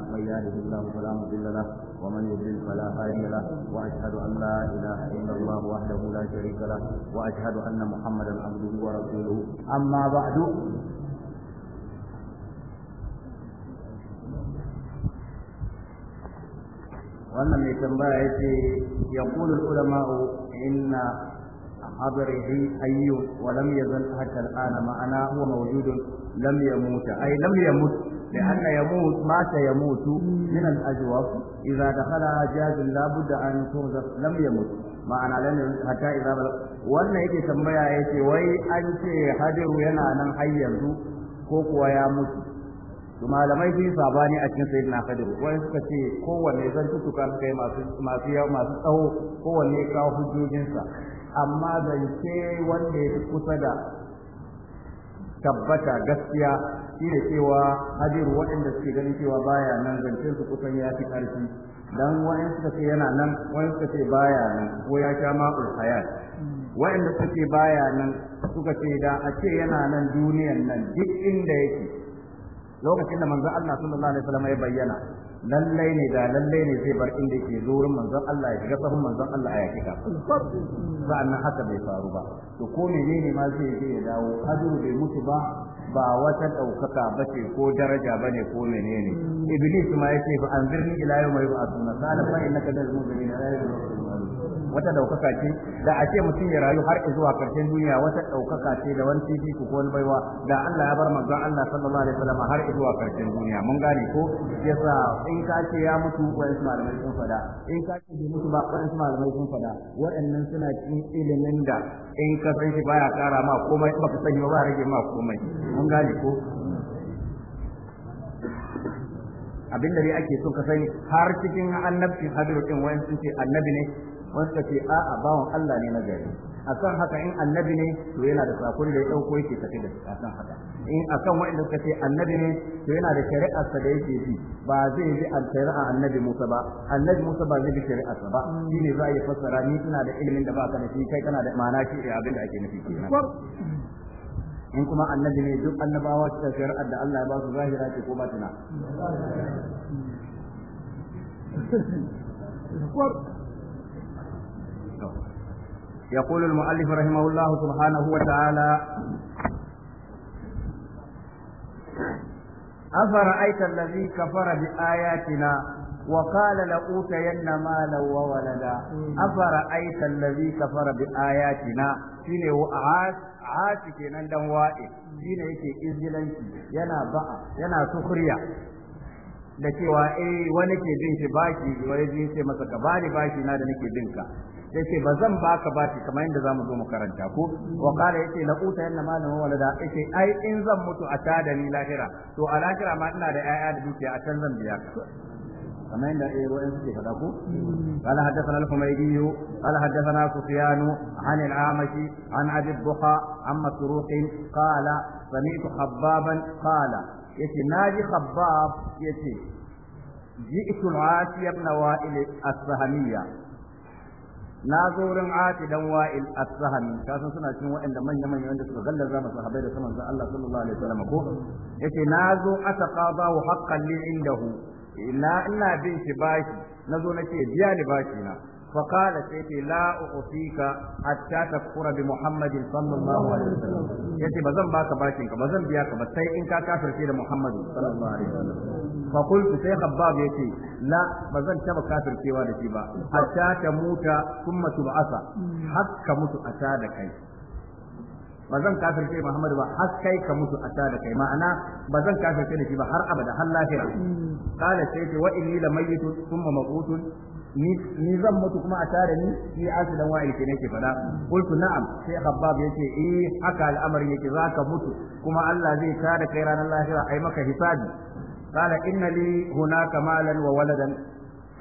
من يهده الله فلا مضل له ومن يضلل فلا هادي له واشهد ان لا اله الا الله وحده لا شريك له واشهد ان محمدا عبده ورسوله اما بعد wannan mai tambaya ya ce ya kulul ulama'u inna hadarihi ayyun wa lam yazal hatta al'ana ma'ana huwa mawjudun lam ay lam yamut لأن يموت مات يموت من الأجوف إذا دخلها جاز لابد أن ترزق لم يمت معنى لم حتى إذا بلغ وأن يجي تنبيا يجي وي أنت حجر ينا نن حي يمت كوكو يا موت malamai sun yi sabani a cikin sayyidina Khadir wai suka ce kowanne zan tutuka suka yi masu yawa masu tsawo kowanne kawo hujjojinsa amma zance wanda ya kusa da tabbata gaskiya shi da cewa hadiru waɗanda suke ganin cewa baya nan zancen su kusan ya fi ƙarfi dan wani suka ce yana nan wani suka ce baya nan ko ya sha ma'ul hayat waɗanda suka ce baya nan suka ce da a ce yana nan duniyan nan duk inda yake lokacin da manzon Allah sallallahu alaihi wasallam ya bayyana lallai ne da lallai ne zai bar inda yake zurin manzon Allah ya shiga sahun manzon Allah ya kika nan haka bai faru ba to ko menene ma zai je ya dawo hadiru bai mutu ba ba wata ɗaukaka ba ce ko daraja ba ne ko menene mm. iblis ma ya ce ba an birni ila yau mai ba a suna kala fa innaka da zumubi ne wata daukaka ce da a ce mutum ya rayu har zuwa karshen duniya wata daukaka ce da wani titi ko wani baiwa da Allah ya bar manzon Allah sallallahu alaihi wasallam har zuwa karshen duniya mun gane ko yasa in ka ce ya mutu wa'in malamai sun fada in ka ce bai mutu ba wa'in malamai sun fada waɗannan suna cikin ilimin da in ka san shi baya kara ma komai baka sani ba rage ma komai mun gane ko abin da dai ake so ka sani har cikin annabcin hadiru din wayan sun ce annabi ne ke ce a'a bawan Allah ne na gari kan haka in annabi ne to yana da sakon da ya dauko yake tafi da akan haka in kan wanda suka ce annabi ne to yana da shari'ar sa da yake bi ba zai bi an shari'a annabi Musa ba annabi Musa ba zai bi shari'ar sa ba shi ne za ya fassara ni ina da ilimin da ba ka da shi kai kana da ma'ana shi abin da ake nufi in kuma annabi ne duk annabawa su shari'ar da Allah ya ba su zahira ce ko batina يقول المؤلف رحمه الله سبحانه وتعالى أفرأيت الذي كفر بآياتنا وقال لأوتين مالا وولدا أفرأيت الذي كفر بآياتنا شيني وعاش عاش dan wa'i shine yake izilanci yana ba'a yana sukuriya da cewa eh wani ke bin shi baki wani zai ce masa ka bani baki na da nake bin ka yace ba zan baka baki kamar yadda zamu zo mu karanta ko wa qala yace la uta yanna ma walada yace ai in zan mutu a tada ni lahira to a lahira ma ina da ayya da dukiya a can zan biya kamar yadda eh ruwan suke fada ko qala haddathana al-humaydi qala haddathana sufyan an al-amashi an abi dhuha amma turuqin qala sami'tu khabbaban qala yace naji khabbab yace ji'tu al-ati ibn wa'il as-sahamiyya na zo wurin ati dan wa'il as-sahami kasan suna cikin waɗanda manya manya wanda suka gallaza masu sahabbai da saman Allah sallallahu alaihi wasallam ko yace na zo ataqaba wa haqqan li indahu ina ina bin shi bashi na zo nake biya ni bashi na فقال سيدي لا أعطيك حتى تكفر بمحمد صلى الله عليه وسلم يتي بزن باك باكينك بزن بياك بسي إنك كافر سيد محمد صلى الله عليه وسلم فقلت سيخ الباب يتي لا بزن تبا كافر سيوا لتبا حتى تموت ثم تبعث حتى كموت أسادك ba zan kafirce Muhammadu ba har kai ka mutu a da kai ma'ana ba zan kafirce da shi ba har abada har lafiya qala sai ce wa inni la thumma mabutun ni zan mutu kuma a tare ni ni asidan wa'il ke nake fada qultu na'am sai khabbab yace eh haka al'amari yake zaka mutu kuma Allah zai tare kai ranar lahira ai maka hisabi قال إن hunaka, malan wa waladan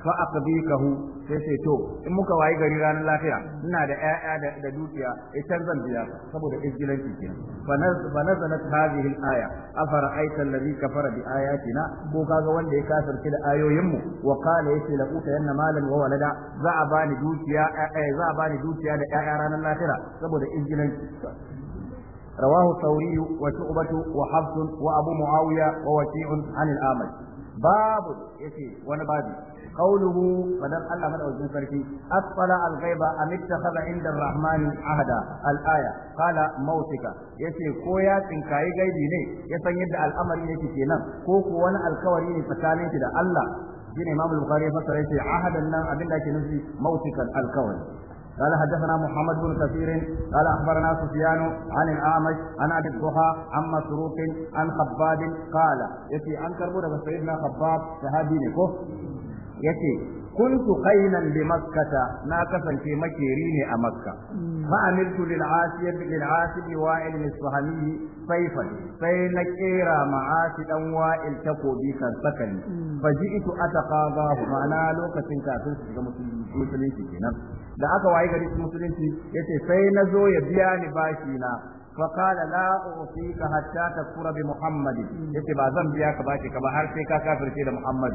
fa aqdikahu sai sai to in muka wayi gari ranar lafiya ina da ƴaƴa da dukiya ita eh, zan biya saboda izgilanci kenan fa nazalat hadhihi al-aya afara aita alladhi kafara bi ayatina ko kaga wanda ya kafirci da ayoyin mu wa qala yace la uta yanna malan wa walada za a bani dukiya eh, za a bani dukiya da ƴaƴa ranar lafiya saboda izgilanci رواه الثوري وشعبة وحفص وأبو معاوية ووكيع عن الأعمش babu yace wani babu قوله فدم الله مدعوزين فرقي أطلع الغيبة أم اتخذ عند الرحمن عهدا الآية قال موتك يسي كويا تنكاي غيبي ني يسي يدع الأمر يكي كينا كوكو وانا الكوري فكالي تدع الله جين إمام البخاري فتر يسي عهدا نام أبن لك نزي موتك الكوري قال حدثنا محمد بن كثير قال اخبرنا سفيان عن الاعمش عن ابي الضحى عن مسروق عن خباب قال يتي عن كربو سيدنا خباب صحابي نكو يتي كنت خينا لمكة ناكسا في مكيرين أمكة فعملت للعاسب للعاسب وائل الصهمي سيفا فينكيرا معاسد وائل تقو بي كان سكني فجئت أتقاضاه معنا لوكة كافر مسلمين كنا da aka waye gari musulunci yace sai na zo ya biya ni bashi na fa qala la ka hatta takfura bi ya yace ba zan biya ka bashi ka ba har sai ka kafirce da muhammad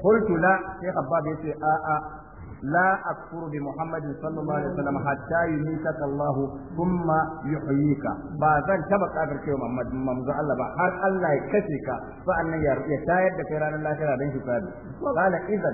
qultu la sai khabbab yace a a لا أكفر بمحمد صلى الله عليه وسلم حتى يميتك الله ثم يحييك بعدين تبقى كافر كيو ya ممزو الله بحر الله يكشيك فأن يتايد كيران الله كيران بن قال إذا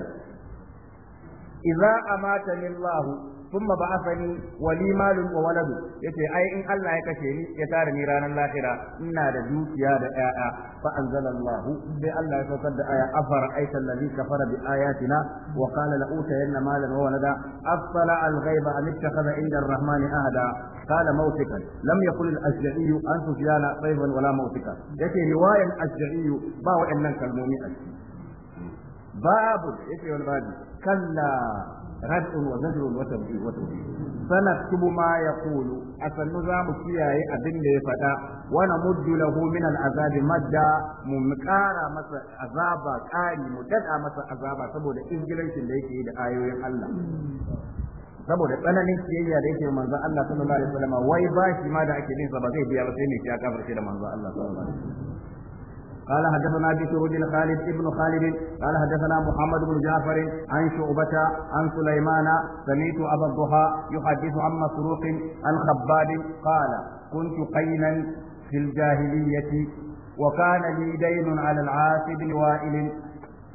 idza amatani Allah thumma ba'athani wa li malun wa waladu yace ai in Allah ya kashe ni ya tare ni ranar lahira ina da dukiya da ƴaƴa fa anzalallahu sai Allah ya saukar da aya afara aita allazi kafara bi ayatina wa qala la afala al ghaiba rahmani ahada قال موثقا لم يقل الاشجعي عن سفيان طيبا ولا موثقا يتي روايه الاشجعي باو ان كلموني باب يتي والبادي كلا ردء وزجر وتنبيه وتنبيه سنكتب ما يقول أسنزام السياي أبن لي فدا ونمد له من العذاب مدا ممكارا مسا عذابا كاري متدعى مسا عذابا سبو ده إزجلنش ليكي ده آيوين الله saboda tsananin kiyayya da yake manzo Allah sallallahu alaihi wasallam wai ba shi ma da ake nisa ba zai biya ba sai ne ya kafirce da manzo Allah sallallahu alaihi wasallam قال حدثنا بشر بن خالد بن خالد قال حدثنا محمد بن جعفر عن شعبة عن سليمان سمعت أبا الضحى يحدث عن مسروق عن خباب قال كنت قينا في الجاهلية وكان لي دين على العاص بن وائل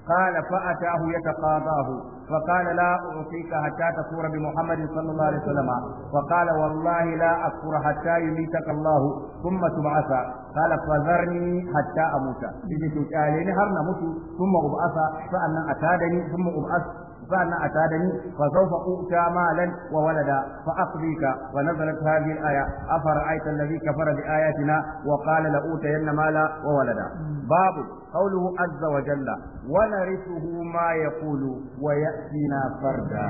قال فأتاه يتقاضاه فقال لا أعطيك حتى تكفر بمحمد صلى الله عليه وسلم فقال والله لا أكفر حتى يميتك الله ثم تبعث قال فذرني حتى أموت إذا تتاليني هرنا موت ثم أبعث فأنا أتادني ثم أبعث sa'annan a tada ni fa sawfa uta malan wa walada fa aqdika wa nazalat hadhihi al-aya afara'aita alladhi kafara bi ayatina wa qala la utayanna mala wa babu qawluhu azza wa jalla ma farda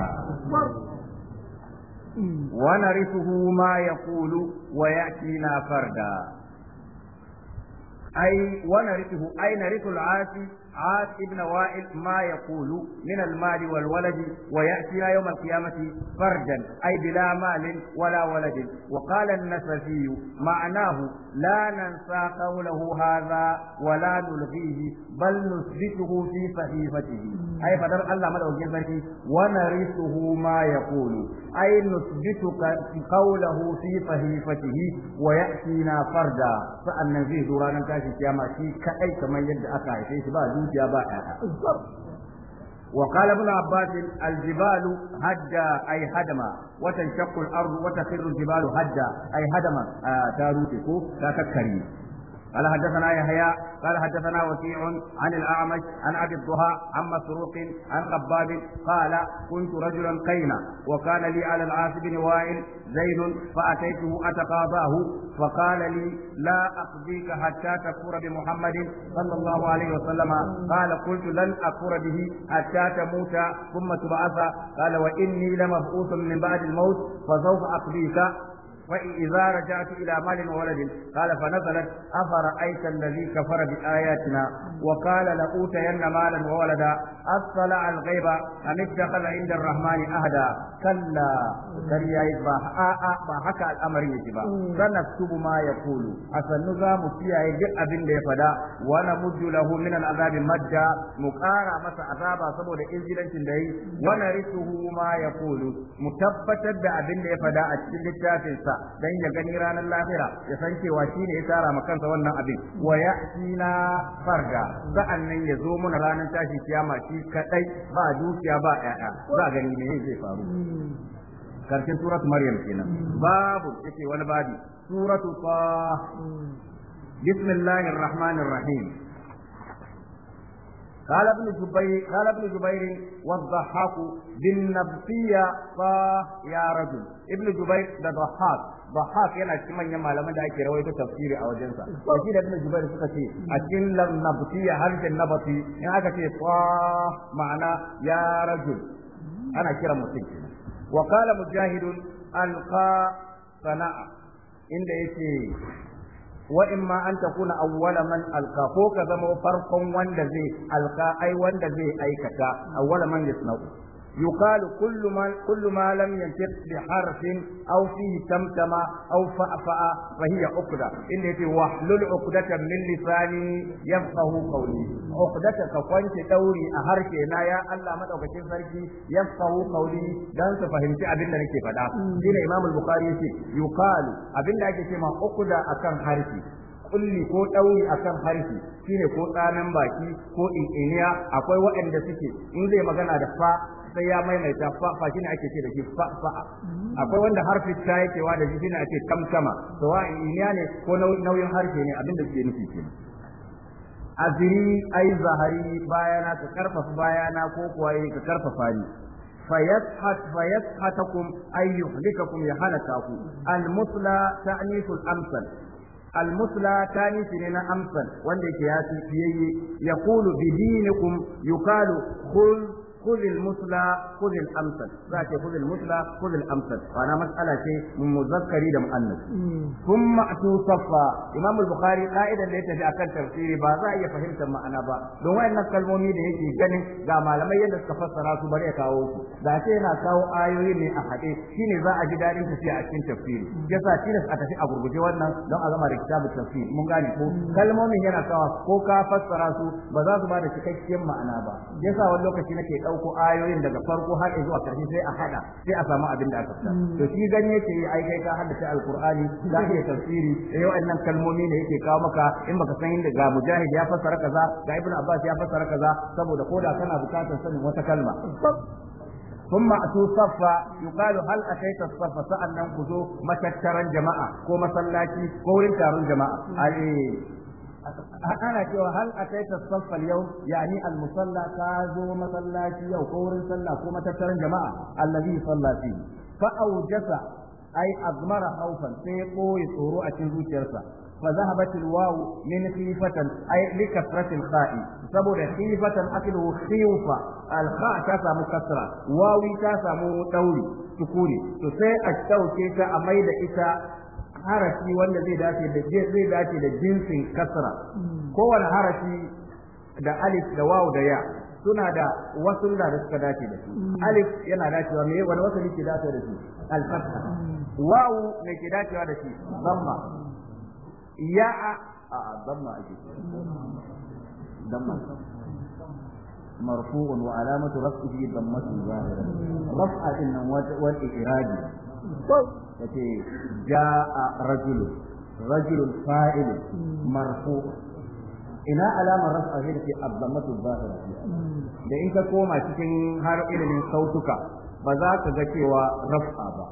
ونرثه ما يقول ويأتينا فردا أي ونرثه أي نرث عاد ابن وائل ما يقول من المال والولد ويأتي يوم القيامة فردا أي بلا مال ولا ولد وقال النسفي معناه لا ننسى قوله هذا ولا نلغيه بل نثبته في صحيفته أي فدر الله مدعو جزاك ونرثه ما يقول أي نثبت قوله في صحيفته ويأتينا فردا sa'an nan zai zo ranar tashin kiyama shi kaɗai kamar yadda aka haife shi ba dukiya ba ɗaya وقال ابن عباس الجبال هدا أي هدما وتنشق الأرض وتخر الجبال هدا أي هدما آه قال حدثنا يحيى قال حدثنا وكيع عن الأعمش عن أبي الضحى عن مسروق عن خباب قال كنت رجلا قينا وكان لي على العاص بن وائل زين فأتيته أتقاضاه فقال لي لا أقضيك حتى تكفر بمحمد صلى الله عليه وسلم قال قلت لن أكفر به حتى تموت ثم تبعث قال وإني لمبعوث من بعد الموت فسوف أقضيك وإذا رجعت إلى مال وولد قال فنزلت أفرأيت الذي كفر بآياتنا وقال لأوتين مالا وولدا أطلع الغيب أم اتخذ عند الرحمن أهدا كلا كريا ba haka al'amarin yake ba sanaktubu ma yaqulu asannu za mu kiyaye duk abin da ya fada wa namuddu lahu min al'azabi mu ƙara masa azaba saboda injilancin da yi wa narisuhu mu tabbatar da abin da ya fada a cikin littafinsa. dan ya gani ranar lahira ya san cewa shine ya tara ma kansa wannan abin wa ya'tina farga nan ya zo mana ranar tashi kiyama shi kadai ba dukiya ba yaya za gani me zai faru karshen surat maryam kenan babu yake wani babi suratu ta bismillahir rahmanir rahim قال ابن جبير قال ابن جبير والضحاك بالنبطية صاح يا رجل ابن جبير ده ضحاك yana cikin manyan malaman da ake ta tafsiri a wajensa shi da ibn Jubair suka ce a cikin nabtiya harshen nabati ina aka ce sah ma'ana ya rajul ana kira mutum wa qala mujahid alqa sana'a inda yake wa imma an takuna awwala man alqa ko ka zama farkon wanda zai alqa ai wanda zai aikata awwala man yasna'u يقال كل ما كل ما لم ينطق بحرف او فيه تمتم او فأفأ فهي عقدة ان واحلل عقدة من لساني يفقه قولي عقدة كفنت دوري اهركي لا يا الله مدوكتين فرقي يفقه قولي دان فهمت ابن da nake faɗa shine Imam al-Bukhari yace yuqalu abin da ake cewa uqda kulli ko ɗauri akan harfi shine ko tsanan baki ko ininiya akwai waɗanda suke in zai magana da fa sai ya maimaita fafa shine ake ce da shi fafa mm. akwai wanda harfi ta wa da shi shine ake to wa iniya ne ko nauyin harfi ne abinda ke nufi kenan azri ai zahari bayana ka karfafa bayana ko kuwa yi ka karfafa ni fayashat fayashatakum ay yuhlikakum ya halakaku ku almusla ta'nisul amsal almusla ta'nisu ne na amsal wanda yake ya fi fiyayye yaqulu bidinikum yuqalu khul خذ المثلى خذ الامثل ذاك خذ المثلى خذ الامثل وانا مساله شيء من مذكري ده مؤنث ثم اتوا صفا امام البخاري قائدا da ya tafi akan tafsiri ba za a iya fahimtar ma'ana ba don wayannan kalmomi da yake ganin ga malamai yadda suka fassara su bare kawo su da ce yana kawo ayoyi ne a haɗe shi ne za a ji dadin tafiya a cikin tafsiri mm. yasa tilas a tafi a gurguje wannan don a zama da kitabul tafsir mun gane ko mm. kalmomin yana kawo ko ka fassara su ba za su ba da cikakken ma'ana ba yasa wani lokaci nake dau ɗauko ayoyin daga farko har zuwa ƙarshe sai a haɗa sai a samu abin da aka fita to shi gani yake yi ai kai ka sai alqur'ani da ka tafsiri da yau annan kalmomi ne yake kawo maka in baka san inda ga mujahid ya fassara kaza ga ibn abbas ya fassara kaza saboda koda kana bukatar sanin wata kalma ثم أتوا kai يقال هل أتيت الصف سألنا كذو متكرا جماعة كو مسلاتي كو wurin taron أي ana cewa hal ta saffal yau yani al musalla ta zo masallaci yau ko wurin sallah ko matattaran jama'a allazi sallati fa aujasa ay azmara khawfan sai koyi tsoro a cikin zuciyarsa fa zahabat al waw min khifatan ay li kha'i saboda khifatan akilu khifa al kha ta samu kasra wawi ta samu dauri tukuri to sai a tauke ta a maida ita harafi wanda zai dace da zai dace da jinsin kasra hmm. kowane harafi da alif da waw da ya suna da wasu da suka dace da su hmm. alif yana dacewa me wani wasu ke dace da shi al-fatha hmm. waw ne ke dacewa da shi dhamma ya a dhamma ake dhamma مرفوع وعلامة رفعه ضمته ظاهرة رفعة والإعراب kace jaa rajul rajul fa'il marfu ina alamar rafa ne ke abdamatu zahira da in ka koma cikin har ilimin sautuka ba za ka ga cewa rafa ba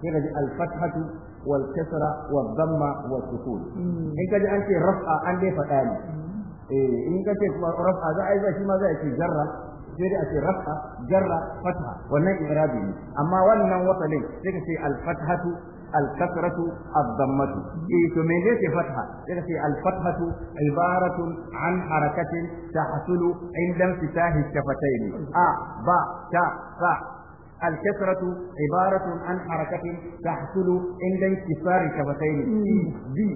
sai ka ji al-fathatu wal kasra wal damma wal sukun in ka ji an ce rafa an dai faɗa ne eh in ka ce rafa za a yi shi ma za a ce jarra sai dai a ce rafa jarra wannan irabi amma wannan wasalin sai ka ce alfathatu alkasratu addammatu eh to me ne ke fatha sai ka ce alfathatu ibaratun an harakatin tahsulu indan fitahi shafataini a ba ta fa الكثرة عبارة عن حركة تحصل عند انكسار الشفتين بي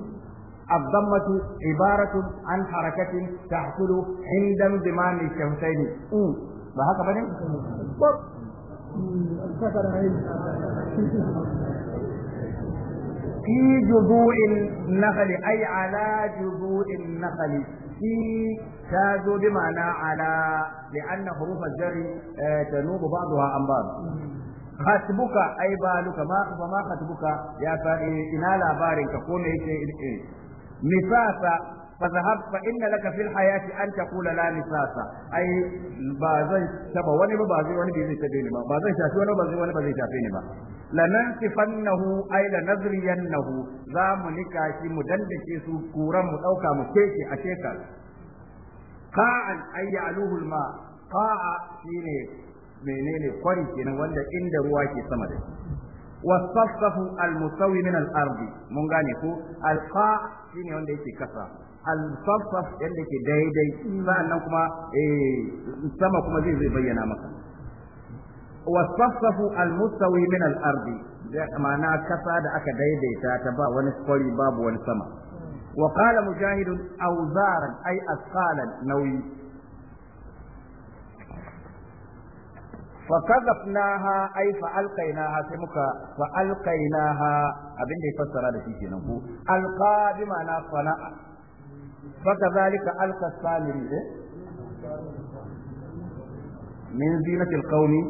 الضمة عبارة عن حركة تحصل عند انضمام الشفتين ba haka bane fi jubu'in nakhli ay ala fi ta zo bi ma'ana ala li anna huruf al eh, ba'daha an ba'd ay baluka ma fa ma ya fa ina labarin ka ko فذهب فإن لك في الحياة أن تقول لا نفاس أي بازي شبه وني بازي وني بيزي تبيني ما بازي شافي وني بازي وني بازي شافيني ما لننصفنه أي لنظرينه زام نكاشي مدندشي سكورا كورا مدوكا مكيشي أشيكا قاعا أي يعلوه الماء قاعا شيني menene kwari kenan wanda inda ruwa ke sama da shi wasaffafu almusawi min al-ardi mun gane ko alqa shine wanda yake kasa alfaffaf yadda ke daidai nan kuma eh, sama kuma zai zai bayyana maka wasaffafu almustawi min al-ardi ma'ana kasa da aka daidaita ta ba wani kwari babu wani sama wa qala mujahid awzaran ay asqalan nauyi فقذفناها أي فألقيناها سمك فألقيناها أبن يفسر هذا شيء نقول ألقى بمعنى صنع faka zalika alka samiri ne min zinatil qawmi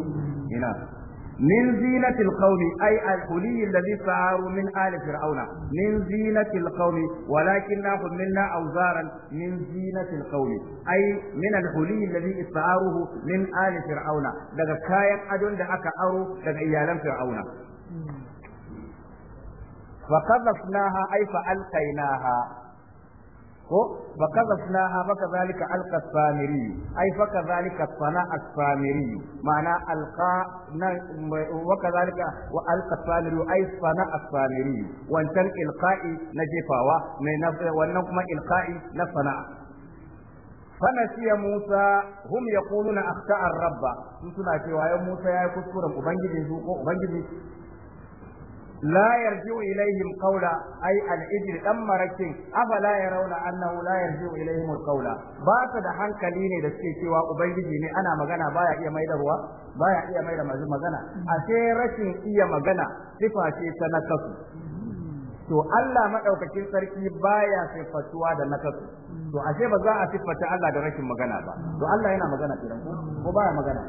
min zinatil qawmi ay al quli alladhi saaru min ali fir'auna min zinatil qawmi walakin nahum minna awzaran min zinatil qawmi ay min al quli alladhi saaruhu min ali fir'auna daga kayan adon da aka aro daga iyalan fir'auna فقذفناها أي فألقيناها ko fa suna fa kadhalika alqa samiri ai fa kadhalika sana samiri ma'ana alqa wa kadhalika wa alqa ai sana'a samiri wancan ilqa'i na jefawa mai wannan kuma ilqa'i na sana'a فنسي موسى هم يقولون أخطأ الرب suna cewa ya Musa ya yi kuskuren ubangiji su ubangiji Layar yarji'u ilaihim qawla ai al-ijri dan marakin afala yarawna annahu la yarji'u ilaihim qawla ba ta da hankali ne da suke cewa ubangiji ne ana magana baya iya maida magana ashe rashin iya magana sifa ta nakasu to Allah madaukakin sarki baya sifatuwa da nakasu to ashe ba za a siffata Allah da rashin magana ba to Allah yana magana kiran ko baya magana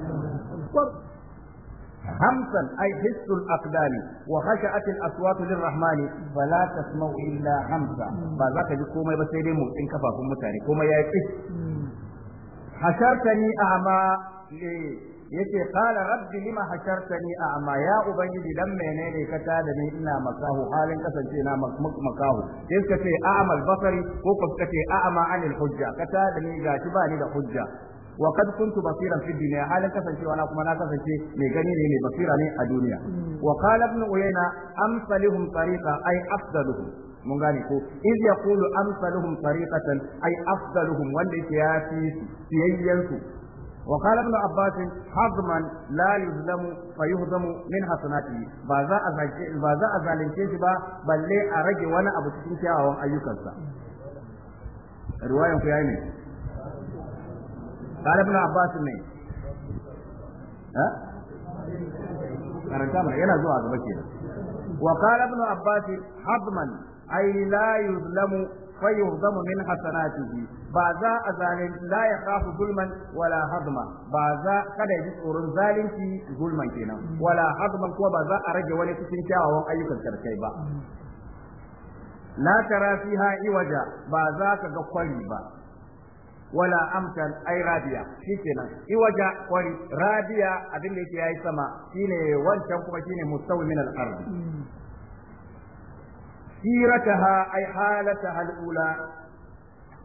خمسا أي حس الأقدام وخشعت الأصوات للرحمن فلا تسمع إلا خمسا بذلك جكوما بسيري موتين كفاكم متاني كوما يكس حشرتني أعمى ليه yace rabbi lima hashartani a'ma ya ubangiji dan menene ka tada ni ina makahu halin kasance na makahu sai suka ce a'mal basari ko suka ce ba ni da hujja wa kad kuntu basiran fi dunya halin kasancewa na kuma na kasance mai gani ne mai basira ne a duniya hmm. wa qala ibn uyayna amsalihum tariqa ay afdaluhum mun gane ko iz yaqulu amsaluhum tariqatan ay afdaluhum wanda yake ya fi siyayyan su wa qala ibn abbas hazman la yuzlamu fayuhzamu min hasanati ba za a ba za a zalunce shi ba balle a rage wani abu cikin kyawawan ayyukansa riwayan ku yayi ne قال ابن عباس ne ha karanta mana yana zuwa gaba kenan wa qala ibn abbas hadman ay la yuzlamu fa min ba za a zalin la ya kafu wala hadma ba za kada ji tsoron zalunci gulman kenan wala hadman ko ba za a rage wani cikin kyawawan ayyukan karkai ba la tara fiha iwaja ba za ka ga kwari ba wala amsan ai radiya shikenan iwaja wari radiya abin da yake yayi sama shine wancan kuma shine mustawi min al-ard sirataha ai halataha al-ula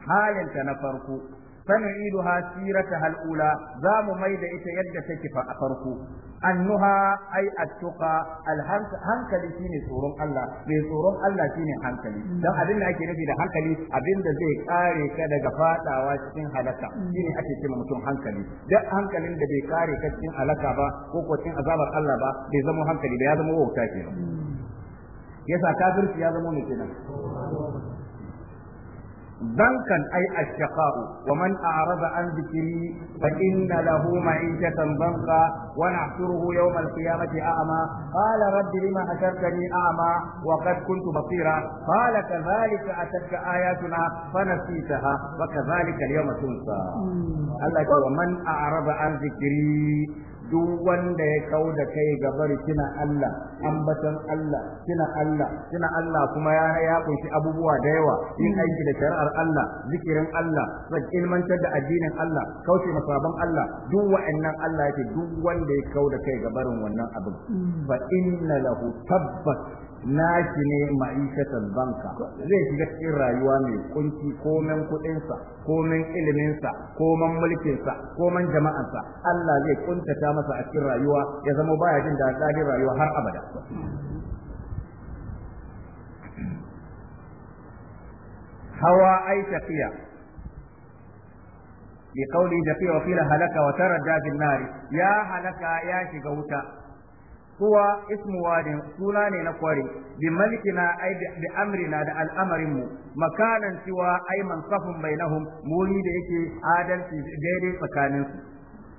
halinta na farko sanu'iduha sirataha al-ula za mu maida ita yadda take fa a farko annuha ai attuqa alhankali shine tsoron Allah mai tsoron Allah shine hankali dan abin da ake nufi da hankali abin da zai kare ka daga fadawa cikin halaka shine ake cewa mutum hankali duk hankalin da bai kare ka cikin halaka ba ko ko cikin azabar Allah ba bai zama hankali ba ya zama wauta kenan yasa kafirci ya zama ne kenan ذنكا أي الشقاء ومن أعرض عن ذكري فإن له معيشة ضنكا ونحشره يوم القيامة أعمى قال رب لما حشرتني أعمى وقد كنت بصيرا قال كذلك أتتك آياتنا فنسيتها وكذلك اليوم تنسى الله ومن أعرض عن ذكري duk wanda ya kau da kai ga bari kina Allah ambatan Allah kina Allah kina Allah kuma ya ya kunshi abubuwa da yawa yin hmm. aiki da shari'ar Allah zikirin Allah zan ilmantar da addinin Allah kauce masaban Allah duk wa'annan Allah yake duk wanda ya kau da kai ga barin wannan abin hmm. fa inna lahu tabbas Na shi ne ma'aikatan banka zai shiga cikin rayuwa mai kunci komen kuɗinsa komen iliminsa komen mulkinsa komen jama'ansa Allah zai kuntata masa a cikin rayuwa ya zama baya jin da daɗin rayuwa har abada hawa ai tafiya bi qawli tafiya wa qila halaka wa taradda bin ya halaka ya shiga wuta kowa ismu wadin suna ne na kware bi malikina ai bi amrina da al'amarin mu makanan siwa ai mansafun bainahum muni da yake adalci daidai tsakaninsu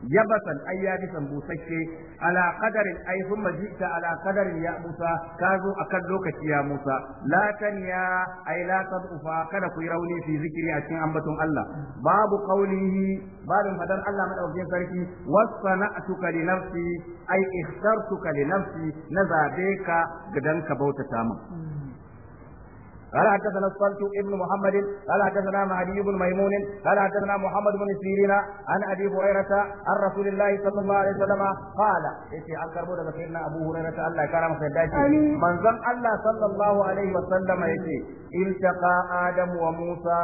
yabasan ai ya bi busasshe ala qadarin ai thumma jita ala qadarin ya musa ka zo akan lokaci ya musa la tanya ai la tadufa kada ku yi rauni fi zikiri a cikin ambaton Allah babu qaulihi babin fadar Allah madaukakin sarki wasana'tuka li nafsi ai ikhtartuka li nafsi na zaɓe ka gadan ka bautata mu قال حدثنا الصلت ابن محمد قال حدثنا مهدي بن ميمون قال حدثنا محمد بن سيرين عن ابي هريره عن رسول الله صلى الله عليه وسلم قال يتي عن كربو daga sayyidina Abu Hurairah ta Allah kara masa yadda manzon Allah sallallahu alaihi wasallam yace iltaqa Adam wa Musa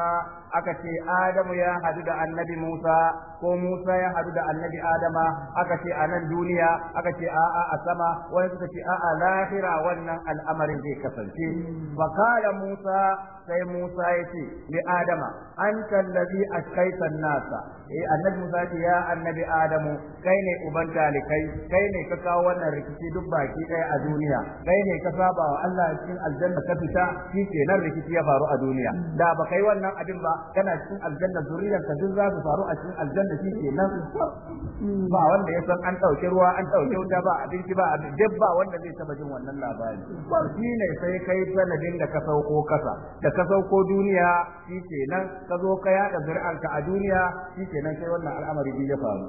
aka ce Adamu ya hadu da annabi Musa ko Musa ya hadu da annabi Adama aka ce a nan duniya aka ce a'a a sama wani suka ce a lahira wannan al'amarin zai kasance fakala Musa sai Musa ya ce ni Adama An tallafi a askaita nasa eh annabi Musa ce ya annabi Adamu kai ne uban talikai kai ne ka kawo wannan rikici duk baki ɗaya a duniya kai ne ka saba wa Allah cikin aljanna ka fita shi kenan rikici ya faru a duniya da ba kai wannan abin ba kana cikin aljanna zuriyar ka duk za su faru a cikin aljanna shi ke nan ba wanda ya san an ɗauki ruwa an ɗauki wuta ba abinci ba duk ba wanda zai taba jin wannan labari shi ne sai kai sanadin da ka sauko kasa da ka sauko duniya shi ke nan ka zo ka yaɗa zuri'arka a duniya shi ke nan sai wannan al'amari ya faru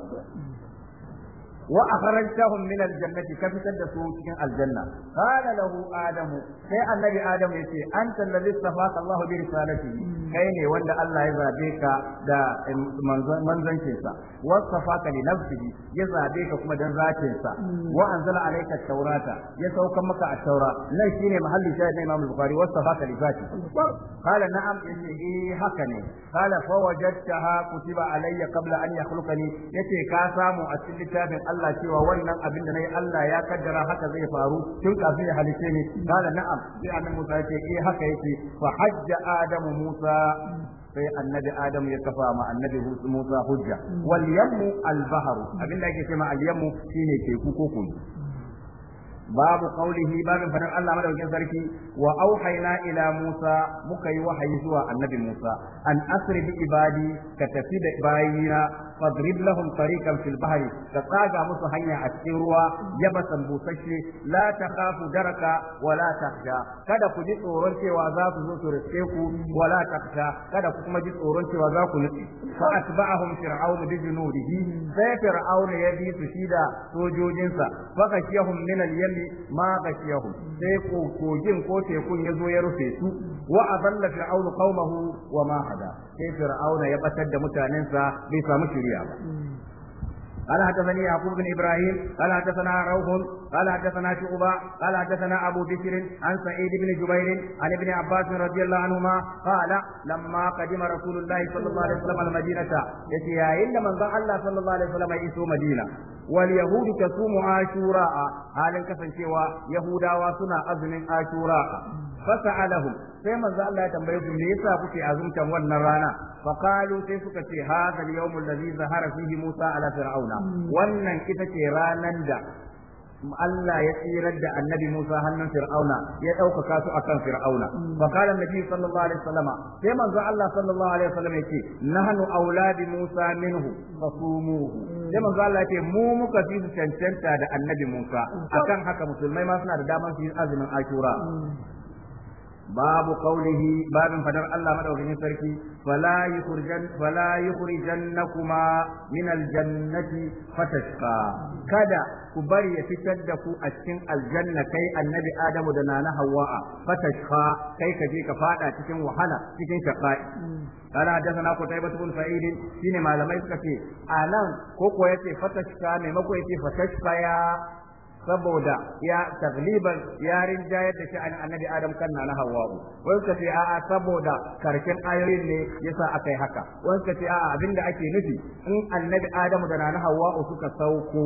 wa akhrajtahum min al-jannati ka fitar da su cikin aljanna qala lahu adamu sai annabi adam ya ce an tallabi safaka Allah bi risalati kai ne wanda Allah ya zabe ka da manzancin sa wa safaka li nafsihi ya zabe ka kuma dan zakin sa wa anzala alayka taurata ya sauka maka a taura nan shine mahallin shahid na Imam Bukhari wa safaka li zati qala na'am yace eh haka ne qala fa wajadtaha kutiba alayya qabla an yakhluqani yace ka samu a cikin littafin Allah cewa wannan abin da nayi Allah ya kaddara haka zai faru tun kafin ya halice ni qala na'am sai annabi Musa ya ce eh haka yake fa hajja adamu Musa sai annabi Adam ya kafa ma annabi Musa hujja wal yammu al bahru abinda ake cewa al yammu shine teku ko kogi babu qaulihi babin fadan Allah madaukin sarki wa auhayna ila Musa muka yi wahayi zuwa annabi Musa an asri bi ibadi ka tafi da bayina fadrib lahum tariqan fil bahri ka tsaga musu hanya a cikin ruwa yabasan busasshe la takhafu daraka wa la kada ku ji tsoron cewa za ku zo su riske ku wa la kada ku kuma ji tsoron cewa za ku nutsi fa atba'ahum fir'aun bi junudihi sai fir'aun ya bi su shida sojojinsa fa kashiyahum min al-yam ma ghashiyahum sai kogin ko tekun ya zo ya rufe su wa adalla fir'aun qaumahu wa ma hada sai fir'auna ya batar da mutanensa bai samu shiriya ba قال حدثني يعقوب بن ابراهيم قال حدثنا روح قال حدثنا شعبة قال حدثنا ابو بكر عن سعيد بن جبير عن ابن عباس رضي الله عنهما قال لما قدم رسول الله صلى الله عليه وسلم المدينة يتي يا إلا من الله صلى الله عليه وسلم يسوع مدينة واليهود تصوم عاشوراء حالا كفن سوى يهودا وصنع أذن عاشوراء فسألهم sai manzo Allah ya tambaye su me yasa kuke azumtan wannan rana fa qalu sai suka ce hadha al-yawm alladhi zahara fihi Musa ala fir'auna wannan ita ce ranan da Allah ya tsirar da annabi Musa hannun Fir'auna ya ɗaukaka su akan Fir'auna. Fakalan Nabi sallallahu alaihi wasallama sai manzo Allah sallallahu alaihi wasallam yake nahnu auladi Musa minhu fasumuhu. Sai manzo Allah yake mu muka fi cancanta da annabi Musa akan haka musulmai ma suna da damar su yi azumin Ashura. babu qaulihi babin fadar Allah madaukakin sarki fala yukhrijan fala yukhrijannakuma min aljannati fatashqa kada ku bari ya fitar da ku a cikin aljanna kai annabi Adamu da nana Hawwa'a fatashqa kai ka je ka fada cikin wahala cikin shaqai kana hadathana qutaybah ibn sa'id shine malamai suka ce anan ko ko yace fatashqa ne mako fatashqa ya saboda ya tagliban ya rinjayar da sha'ani annabi adam kan na hawa'u wani ka ce a'a saboda karshen ayoyin ne yasa aka yi haka wani ka ce a'a abinda ake nufi in annabi Adam da na hawa'u suka sauko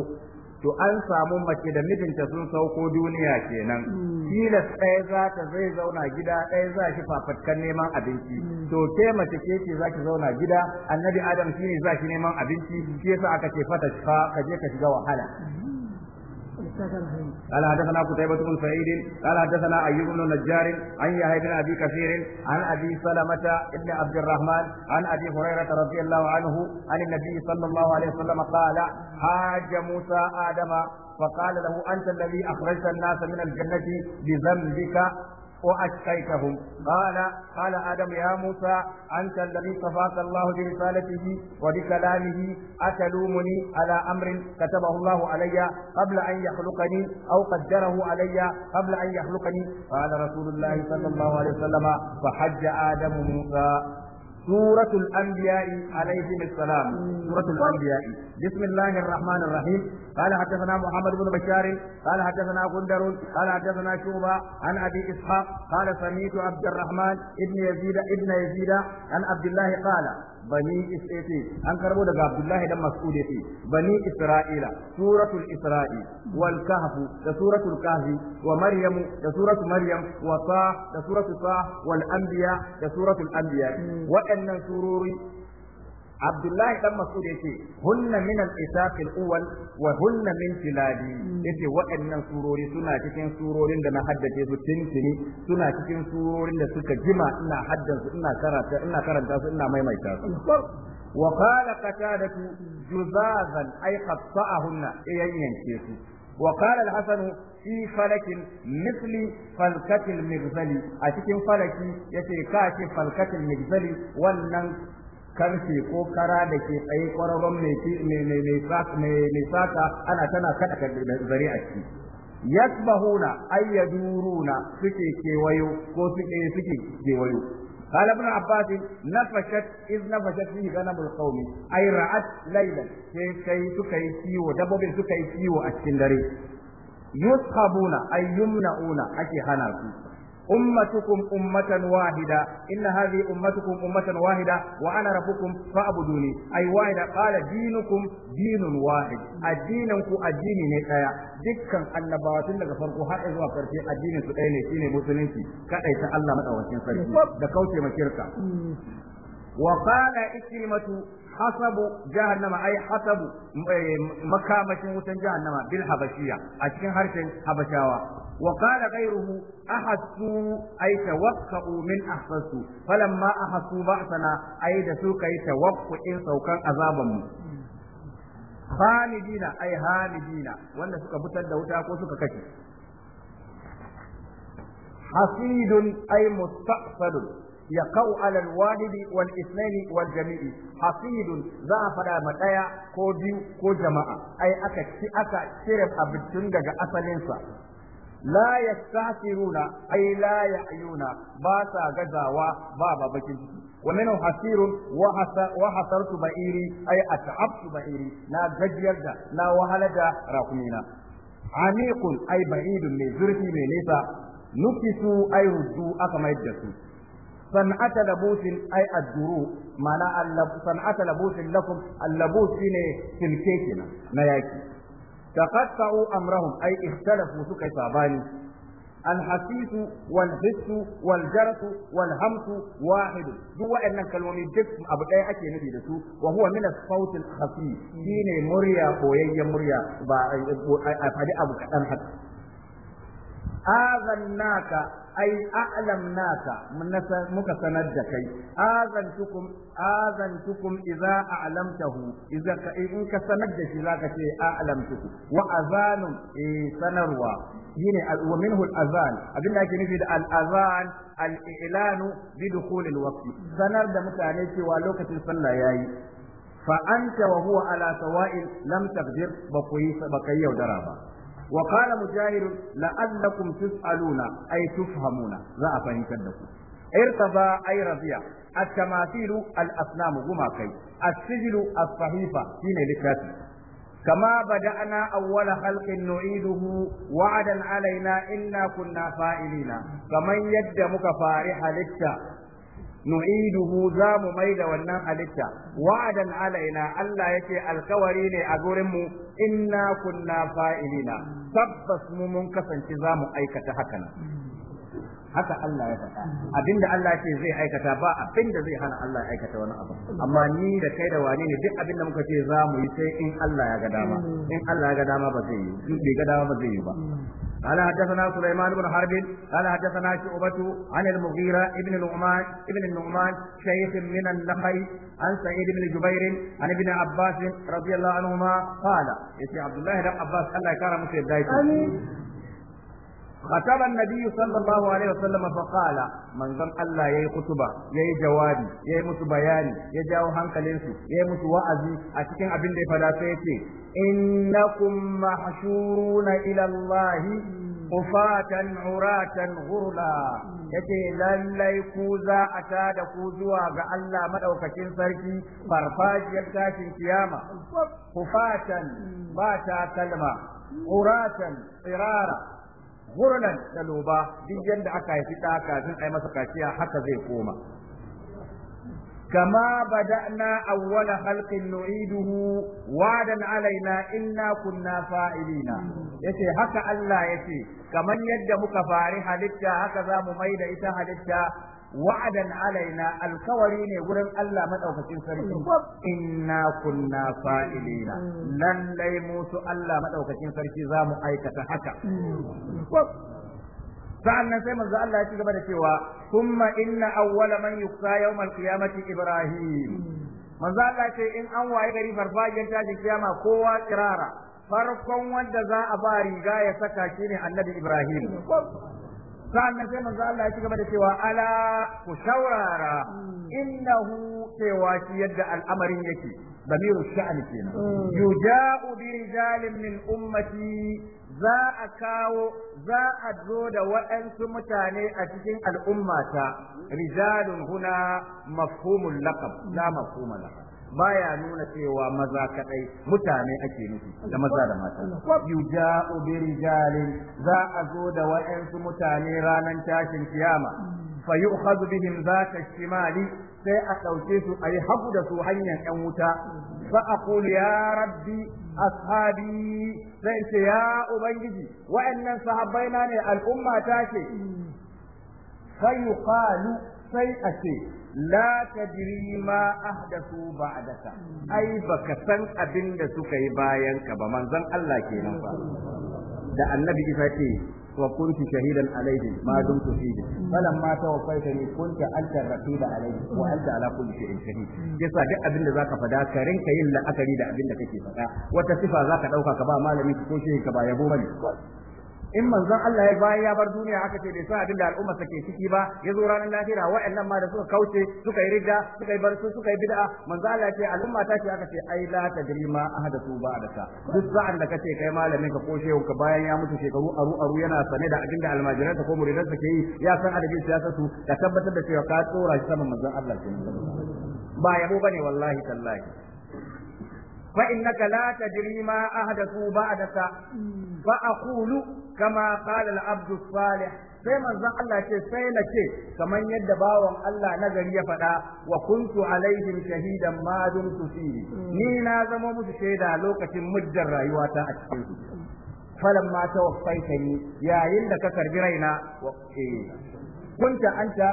to an samu mace da mijinta sun sauko duniya kenan hmm. tilas ɗaya za ta zai zauna gida ɗaya za shi fafatkan neman abinci hmm. to ke mace ke ce za ki zauna gida annabi adam shi ne za shi neman abinci shi yasa aka ce fata ka je ka shiga wahala hmm. قال حدثنا قتيبة بن سعيد قال حدثنا أيوب بن نجار عن يحيى بن أبي كثير عن أبي سلمة بن عبد الرحمن عن أبي هريرة رضي الله عنه عن النبي صلى الله عليه وسلم قال حاج موسى آدم فقال له أنت الذي أخرجت الناس من الجنة بذنبك وأشقيتهم قال قال آدم يا موسى أنت الذي صفاك الله برسالته وبكلامه أتلومني على أمر كتبه الله علي قبل أن يخلقني أو قدره علي قبل أن يخلقني قال رسول الله صلى الله عليه وسلم فحج آدم موسى سورة الأنبياء عليهم السلام سورة الأنبياء بسم الله الرحمن الرحيم قال حدثنا محمد بن بشار قال حدثنا غندر قال حدثنا شوبة عن أبي إسحاق قال سميت عبد الرحمن ابن يزيد ابن يزيد عن عبد الله قال bani isra'ila an karbo daga abdullahi dan mas'ud yace bani isra'ila suratul isra'i wal kahf da suratul kahfi wa maryam da suratul maryam wa da suratul sa wal anbiya da suratul anbiya hmm. waɗannan surori Abdullahi dan Mas'ud yace hunna min uwal isaq al-awwal wa hunna min tiladi yace waɗannan surori suna cikin surorin da na haddace su tintini suna cikin surorin da suka gima, ina haddansu ina karanta ina karanta su ina maimaita su wa qala qatadatu juzazan ay qatta'ahunna yayyanke su وقال الحسن في فلك مثل فلكة المغزل أتكن فلك يتي كاشف فلكة المغزل wannan. Karfe ko kara da ke tsaye ƙorafan mai saƙa tana kaɗa ka zare a ciki yasbahuna Ayyaduruna suke kewayo ko suke cikin kewayo. Ƙalamar Abbas na fashad is na fashad riga na mulkaune. Aira'ad layla sai kai suka yi ciwo, dabbobi suka yi ciwo a cikin dare. Yusuf Habuna a yi ake hana su. ummatukum ummatan wahida inna hadhihi ummatukum ummatan wahida wa ana rabbukum fa'buduni ay wahida qala dinukum dinun wahid addinin ku addini ne daya dukkan annabawa tun daga farko har zuwa karshe addinin su ɗaya ne shine musulunci kadai ta Allah madawacin sarki da kauce ma shirka وقال إكرمة hasabu jahannama ai hasabu eh, makamashin wutan jahannama bil habashiya a cikin harshen habashawa wa qala ghayruhu ahassu ay tawaqqa'u min ahsasu falamma ahassu ba'sana ay da su kai tawaqqu'in saukan azaban mu khalidina ay halidina wanda suka butar da wuta ko suka kace hasidun ay mustaqfalun يقع على الواحد والاثنين والجميع حفيد ذا فدا مدايا كو بيو كو جماعه اي اكا أكا اكا شرب أبتن دغا أسلنسا لا يستعسرون اي لا يعيون باسا غزاوا بابا بكين ومنهم حسير وحسرت بئيري اي اتعبت بئيري نا جدير دا نا وهلدا راكمينا عميق اي بعيد من زرتي من نيسا نكسوا اي ردوا اكما يدسو san'ata labusin ai adduru mana san'ata labusin lakum allabus shine silke kenan na yaki taqatta'u amrahum ai ikhtalafu suka sabani الحسيس والحس والجرس والهمس Wahidu duk ان كلمه duk abu ɗaya ake nufi da su wa huwa min as ne murya koyayyen murya ba a abu kadan haka azannaka ai naka muka sanar da kai azantukum azantukum idza a'lamtahu idza ka in ka sanar da shi zaka ce tukum? wa azanun sanarwa shine wa minhu al-azan abinda ake nufi da al-azan al-i'lan bi dukhul al-waqt sanar da mutane cewa lokacin sallah yayi fa anta wa huwa ala sawa'in lam taqdir ba ku yi ba kai yaudara ba وقال مجاهد لعلكم تسألون أي تفهمون لا أفهمتنكم ارتفع أي رفيع التماثيل الأصنام هما كي السجل الصحيفة هنا لكاتب كما بدأنا أول خلق نعيده وعدا علينا إنا كنا فاعلين كمن يد مكفارح لك nu'iduhu za mu mai da wannan halitta wa'adan alaina Allah yake alkawari ne a gurin mu inna kunna fa'ilina tabbas mu mun kasance za mu aikata hakan haka Allah ya faɗa abinda Allah ce zai aikata ba abinda zai hana Allah ya aikata wani abu amma ni da kai da wani ne duk abinda muka ce za mu yi sai in Allah ya ga dama in Allah ya ga dama ba zai yi in bai ga dama ba zai yi ba قال حدثنا سليمان بن حرب قال حدثنا شعبة عن المغيرة ابن النعمان ابن النعمان شيخ من النخعي عن سعيد بن جبير عن ابن عباس رضي الله عنهما قال يا عبد الله بن عباس الله يكرمك يدايته خطب النبي صلى الله عليه وسلم فقال من ذن الله يي خطبة يي جوابي يي مس بياني يجاو هنكلينسو يي مس وعزي أتكين أبن دي فلا سيتي إنكم محشورون إلى الله قفاة عراة غرلا yace lallai ku za a tada ku zuwa ga Allah madaukakin sarki farfajiyar tashin kiyama kufatan ba ta kalma uratan tsirara murnan da loba duk yadda aka haifi ta kafin a yi masa kaciya haka zai koma كما badana أول خلق نعيده alaina alaina kunna kunna fa'ilina yace haka Allah yace kaman yadda muka fari halitta haka za mu maida ita halitta wa'adan alaina alkawari ne wurin Allah madaukakin sarki inna kunna fa'ilina lallai musu Allah madaukakin sarki za mu aikata haka sa'annan sai manzo Allah ya ci gaba da cewa kuma inna awwala man yuksa yawmal qiyamati ibrahim manzo Allah ce in an waye gari farfajiyar tashin kiyama kowa kirara farkon wanda za a ba riga ya saka shine annabi ibrahim sa'annan sai manzo Allah ya ci gaba da cewa ala ku shaurara mm. innahu cewa shi yadda al'amarin yake ضمير الشأن كنا يجاء برجال min ummati, za a kawo za a zo da waɗansu mutane a cikin al'ummata rijalun huna mafhumul laqab la mafhumul laqab baya nuna cewa maza kadai mutane ake nufi da maza da mata yuja'u bi rijalin za a zo da wa'ansu mutane ranar tashin kiyama fa yu'khadhu bihim zaka shimali sai a dauke su yi hagu da su hanyar yan wuta fa aqulu ya rabbi ashabi sai ce ya ubangiji wa'yannan sahabbai na ne al'umma ta ce fa yuqalu sai a ce la tadri ba a ba'daka ai ba ka san abin da suka yi bayan ka ba manzon Allah kenan ba da annabi Isa ce wa kunti shahidan alayhi ma dumtu fihi falamma tawaffaytani kunta anta raqiba alayhi wa anta ala kulli shay'in shahid yasa duk abin da ka fada ka rinka yin la'akari da abin da kake faɗa? wata sifa zaka ɗauka ka ba malami ko shehi ka ba yabo bane in manzon Allah ya bayan ya bar duniya aka ce bai san abin da al'umma take ciki ba ya zo ranar lahira wa'annan ma da suka kauce suka yi ridda suka yi su, suka yi bid'a manzon Allah ya ce al'umma ta ce aka ce ai la tadri ma da ba'daka duk sa'an da kace kai malamin ka ko shehu ka bayan ya mutu shekaru aru aru yana sane da abin da almajiran ko muridan ke yi ya san adabin siyasa su ka tabbatar da cewa ka tsora shi saman manzon Allah ke ba yabo bane wallahi tallahi فإنك لا تدري ما أحدثوا بعدك فأقول كما قال العبد الصالح sai manzon Allah ce sai na ce kamar yadda bawan Allah na gari ya faɗa wa kuntu alaihim shahidan ma dumtu fihi ni na zama musu shaida lokacin muddar rayuwata a cikin su falamma tawaffaitani yayin da ka karbi raina eh, kunta anta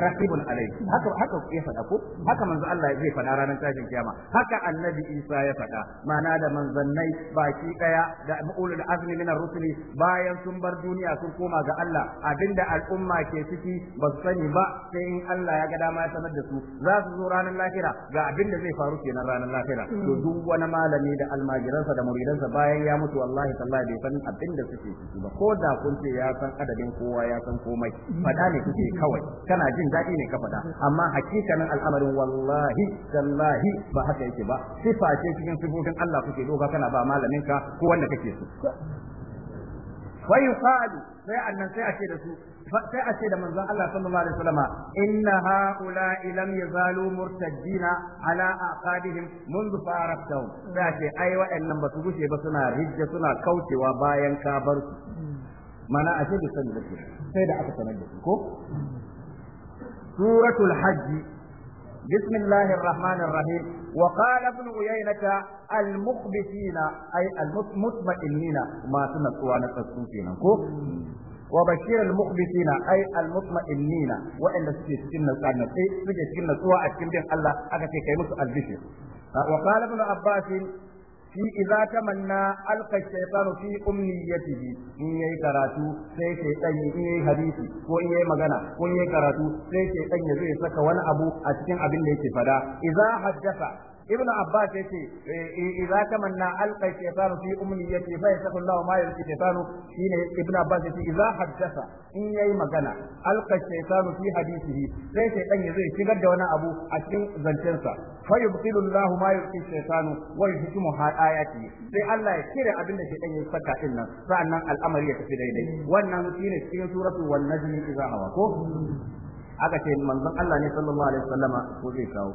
raqibun alai haka haka ya faɗa ko haka manzo Allah zai faɗa ranar tashin kiyama haka annabi Isa ya faɗa mana da manzannai baki daya da ulul azmi min rusuli bayan sun bar duniya sun koma ga Allah abinda al'umma ke ciki ba su sani ba sai in Allah ya ga dama ya sanar da su za su zo ranar lahira ga abinda zai faru kenan ranar lahira to duk wani malami da almajiransa da muridansa bayan ya mutu wallahi tallahi bai san abinda suke ciki ba ko da kun ce ya san adadin kowa ya san komai faɗa ne kuke kawai kana jin jin daɗi ne ka faɗa amma hakikanin al'amarin wallahi tallahi ba haka yake ba sifa ce cikin sifofin Allah kuke doka kana ba malamin ka ko wanda kake so fa yuqalu sai annan sai a da su sai a ce da manzon Allah sallallahu alaihi wasallam inna haula'i lam yazalu murtajjina ala aqadihim منذ فارقتهم sai a ce ai wa'annan ba su gushe ba suna rijja suna kaucewa bayan ka bar su mana ashe da sanin da sai da aka sanar da su ko سورة الحج بسم الله الرحمن الرحيم وقال ابن عيينة المخبتين أي المطمئنين ما سنة أنا تسوكينا وبشير المخبتين أي المطمئنين وإن سكن السنة سكن سوى أكن الله أكتك يمس البشر وقال ابن عباس shi idza tamanna alqa shaytanu fi umniyatihi in yayi karatu sai shaytan in yayi hadisi ko in yayi magana ko in yayi karatu sai shaytan ya saka wani abu a cikin abin da yake fada iza haddatha ibnu abbas yace eh, idza tamanna alqa shaytanu fi umniyati fa yasaqu Allah ma yalqi shaytanu shine ibnu abbas yace idza haddatha in yayi magana alqa shaytanu fi hadisihi sai shaytan ya zai shigar da wani abu a cikin zancensa sa yubtilu Allah ma yalqi shaytanu wa yuhkimu sai Allah ya kire abin da shaytan ya saka din nan sa'annan al'amari ya tafi daidai wannan shine cikin suratul wan najmi idza hawa ko aka ce manzon Allah ne sallallahu alaihi wasallama ko zai kawo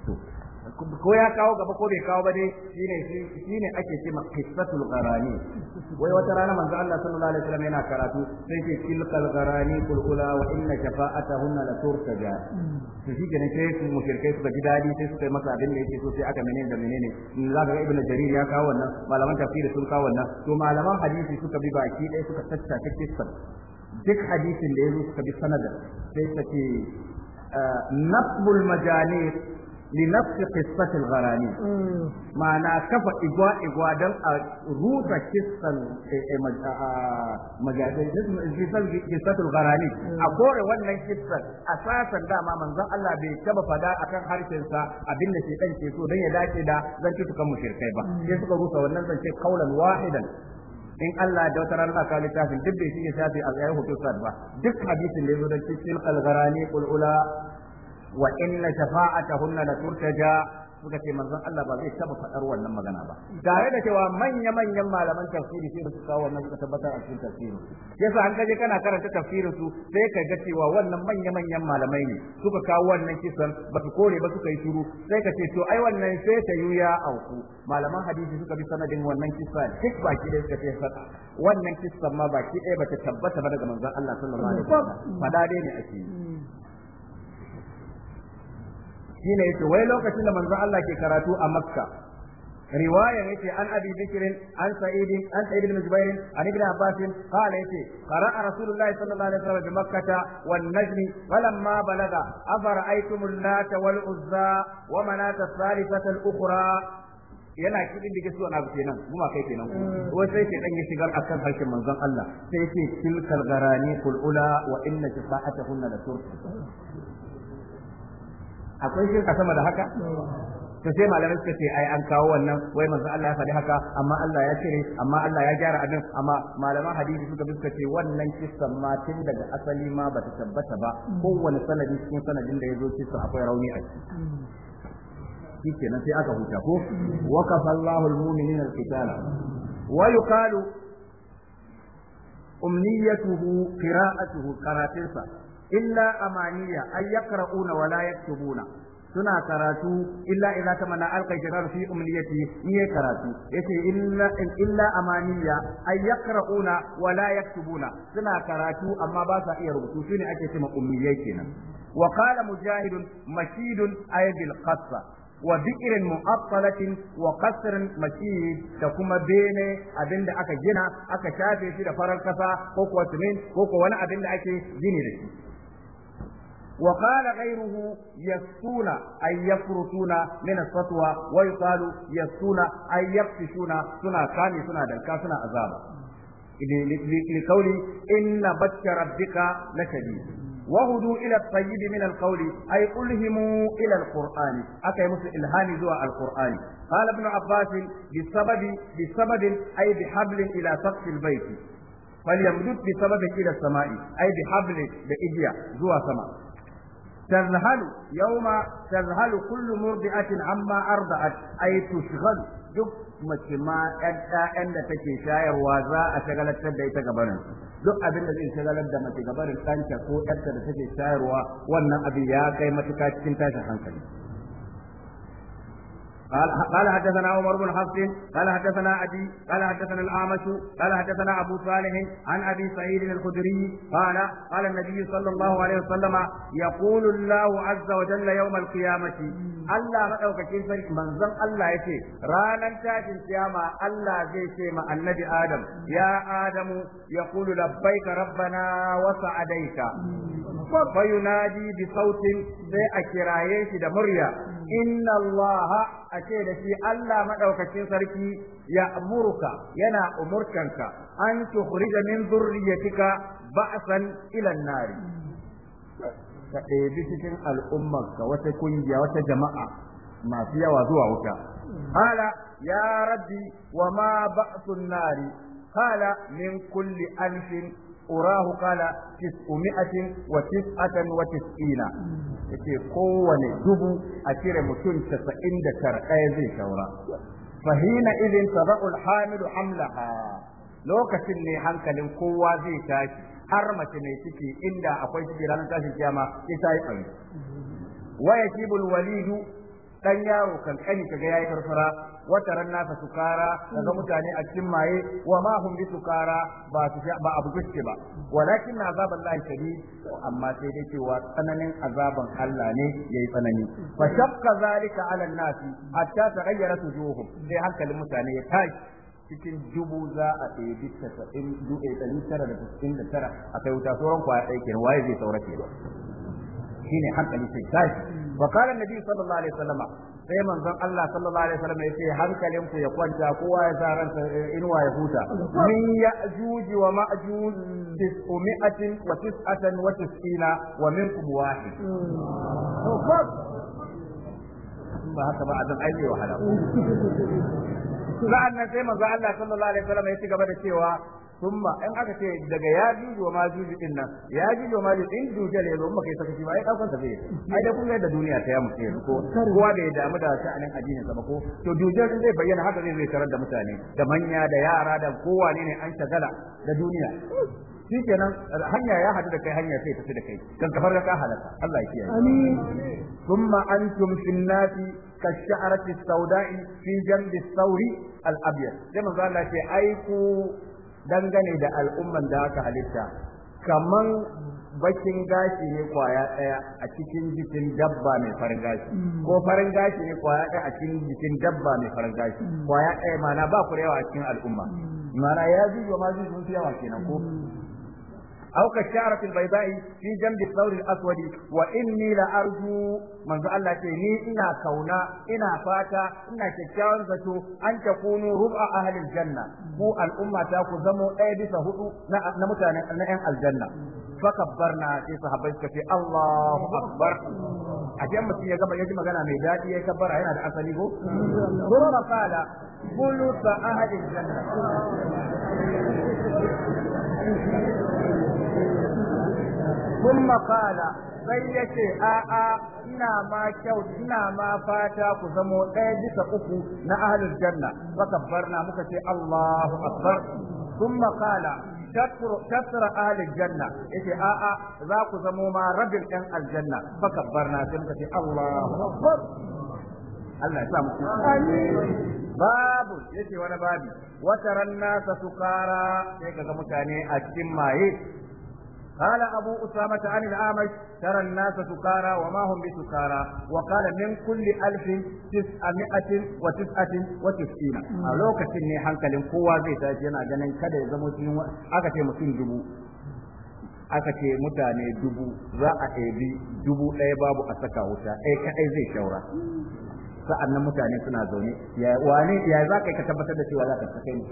ko ya kawo gaba ko bai kawo ba dai shine shine ake cewa qissatul gharani wai wata rana manzo Allah sallallahu alaihi wasallam yana karatu sai ce tilkal gharani kul ula wa inna shafa'atahunna la turtaja to shi kenan sai su mushrikai su ji dadi sai su kai masa abin da yake so sai aka menene da menene in za ka ga ibnu jarir ya kawo wannan malaman tafsiri sun kawo wannan to malaman hadisi suka bi baki ɗaya suka tattace kissan duk hadisin da ya suka bi sanada. sai ta ce ah, nasbul majalis لنفس قصة الغراني معنى كفى إجواء إجواء دل روضة قصة قصة الغراني أقول وانا قصة أساسا دا ما من ذا الله بيكتب فدا أكان حرشن سا أبن شيئا شيئا دنيا داكي دا زن تتكا مشركي با يسكا روسا وانا زن شيء قولا واحدا in Allah da wata ranar ka littafin duk bai shi shafi a tsayin hutu ba duk hadisin da ya zo da cikin algarani kul'ula wa inna shafa'atahunna la turtaja suka ce manzon Allah ba zai taba faɗar wannan magana ba tare da cewa manya manyan malaman tafsiri sai da kawo wannan suka tabbatar a cikin tafsiri yasa an kaje kana karanta tafsirin su sai ka ga cewa wannan manya manyan malamai ne suka kawo wannan kisan ba su kore ba suka yi shiru sai ka ce to ai wannan sai ta ya auku malaman hadisi suka bi sanadin wannan kisa duk baki ɗaya suka ce wannan kisan ma baki ɗaya ba ta tabbata ba daga manzon Allah sallallahu alaihi wasallam fada dai ne ake yi shine yace wai lokacin da manzon Allah ke karatu a Makka riwaya yace an abi bikr an sa'id an sa'id ibn jubair an ibn abbas qala yace qara'a rasulullahi sallallahu alaihi wasallam bi makkah wan najm falamma balaga afara'aytum lat wal uzza wa manat ath al-ukhra yana kidin da gaskiya na kenan kuma kai hmm. kenan wai sai ke dan ya shigar akan harshen manzon Allah sai yace tilkal garani kul ula wa inna kunna la turfa akwai shirka sama da haka to sai malamai suka ce ai an kawo wannan wai manzo Allah ya faɗi haka amma Allah ya cire amma Allah ya gyara abin amma malaman hadisi suka bi suka ce wannan kissan ma tun daga asali ma ba ta tabbata ba kowane sanadi cikin sanadin da ya zo kissa akwai rauni a ciki shi nan sai aka huta ko wa kafallahu almu'minina alqitala wa yuqalu umniyatuhu qira'atuhu qaratinsa illa amaniya ay yaqra'una wa la yaktubuna suna karatu illa idza tamana alqa shaytan fi umniyati ni ya karatu yace illa illa amaniya ay yaqra'una wa la yaktubuna suna karatu amma ba sa iya rubutu shine ake cewa ummiyai kenan wa qala mujahid mashid ay bil qassa wa bi'r mu'attalatin wa qasr mashid da kuma bene abinda aka gina aka shafe shi da farar kasa ko kuwa ko wani abinda ake gini da shi وقال غيره يسون أي يفرطون من السطوة ويقال يسون أي يبتشون سنة كامي سنة دلكا سنة أزابا لقوله إن بطش ربك لشديد وهدوا إلى الطيب من القول أي ألهموا إلى القرآن أكي مثل إلهام زوى القرآن قال ابن عباس بسبب بسبب أي بحبل إلى سقف البيت فليمدد بسبب إلى السماء أي بحبل بإجيا زوى سماء تذهل يوم تذهل كل مرضعة عما أرضعت أي تشغل duk mace ma ‘ya'yan da take shayarwa za a shagalantar da ita gabanin duk abin da zai shagalar da mace gabanin ɗanta ko ‘yarta da take shayarwa wannan abin ya kai matuka cikin tashin hankali. قال قال حدثنا عمر بن حفص قال حدثنا ابي قال حدثنا الاعمش قال حدثنا ابو صالح عن ابي سعيد الخدري قال قال النبي صلى الله عليه وسلم يقول الله عز وجل يوم القيامه الله مدaukakin sarki manzon Allah yace ranan tashin kiyama Allah zai ce ma annabi Adam ya Adamu yaqulu labbaika rabbana wa sa'adaika fa yunadi bi sautin sai a kiraye shi da murya inna allaha a ce da shi Allah maɗaukacin sarki ya amurka yana umurtanka an tukhrija min zurriyatika ba'san ila nari ka ɗebi cikin al'ummarka wata kungiya wata jama'a masu yawa zuwa wuta Hala ya rabbi wa ma ba'sun nari hala min kulli alfin uraahu qala 999 yace kowane dubu a cire mutum 99 ɗaya zai shaura fahina idin tadau hamidu hamlaha lokacin ne hankalin kowa zai tashi har mace mai ciki inda akwai ciki ranar tashin kiyama sai ta yi tsari wa dan yaro kankani kaga yayi farfara wata ran nasa sukara kaga mutane a cikin maye wa ma hum bi sukara ba su ba abu gaske ba walakin azaballahi amma sai dai cewa tsananin azaban Allah ne yayi tsanani fa shaqqa zalika ala an-nasi hatta taghayyara wujuhum sai hankalin mutane ya tashi cikin dubu za a ɗebi tasa'in dubu eh, ɗari tara da da tara a kai wuta sauran kwaya ɗaya kenan waye zai saurace ba shine hankali sai tashi wa qala nabi sallallahu alaihi wasallam sai manzon Allah sallallahu alaihi wasallam yace hankalin ku ya kwanta kowa ya zaran eh, inuwa ya huta min ya'juj wa ma'juj tis'umi'atin wa tis'atan wa tis'ina wa minkum wahid ba haka ba azan aiki wahala sa'an nan sai manzo Allah sallallahu alaihi wasallam ya ci gaba da cewa summa in aka ce daga ya juju wa majuju din nan ya juju wa majuju in dujal ya zo kai baka yi sakaci ba ai daukan sa ai da kun ga da duniya ta ya mutse ko kowa da ya damu da sha'anin addinin sa ba ko to dujal din zai bayyana haka zai tarar da mutane da manya da yara da kowa ne ne an shagala da duniya kenan hanya ya hadu da kai hanya sai tafi da kai kan kafar da ka halaka Allah ya kiyaye amin thumma antum fin nati كالشعرة السوداء في جنب الثور الأبيض كما قال لك أيكو dangane da al'umman da aka halitta kaman bakin gashi ne kwaya ɗaya a cikin jikin dabba mai farin gashi mm. ko farin gashi ne kwaya ɗaya a cikin jikin dabba mai farin gashi mm. kwaya ɗaya mana ba ku yawa a cikin al'umma mana mm. ya zuwa ma zuwa sun fi yawa kenan ko أو كالشعرة البيضاء في جنب الثور الأسود وإني لأرجو من ذا الله تيني إنا كونا إنا فاتا إنا كالشعر ذاتو أن تكونوا ربع أهل الجنة هو الأمة تاكو زمو أي بس هدو نمتانا نعم الجنة فكبرنا في صحابي كفي الله أكبر أجل مسيح يجب يجب مغانا ميداتي يكبر هنا الأسليب ثم قال ثلث أهل الجنة ثم قال sai ya ce a'a ina ma kyau ina ma fata ku zamo ɗaya bisa uku na ahlul janna fakabbarna muka ce Allahu akbar thumma qala tasra ahlul janna yace a'a za ku zamo ma rabin ɗan aljanna fakabbarna sai muka ce Allahu akbar Allah ya sa mu babu yace wani babi wataran nasa sukara sai ka ga mutane a cikin maye قال أبو أسامة عن الأعمش ترى الناس سكارى وما هم بسكارى وقال من كل ألف تسعمائة وتسعة وتسعين لوكا سني حنك لنقوة زي تأتينا جنن كده يزمو أكتي مسين جبو أكتي متاني جبو dubu za a ɗebi dubu ɗaya babu a saka wuta ɗaya kaɗai zai shaura sa'an nan mutane suna zaune ya wane ya za ka tabbatar da cewa za ka saka ni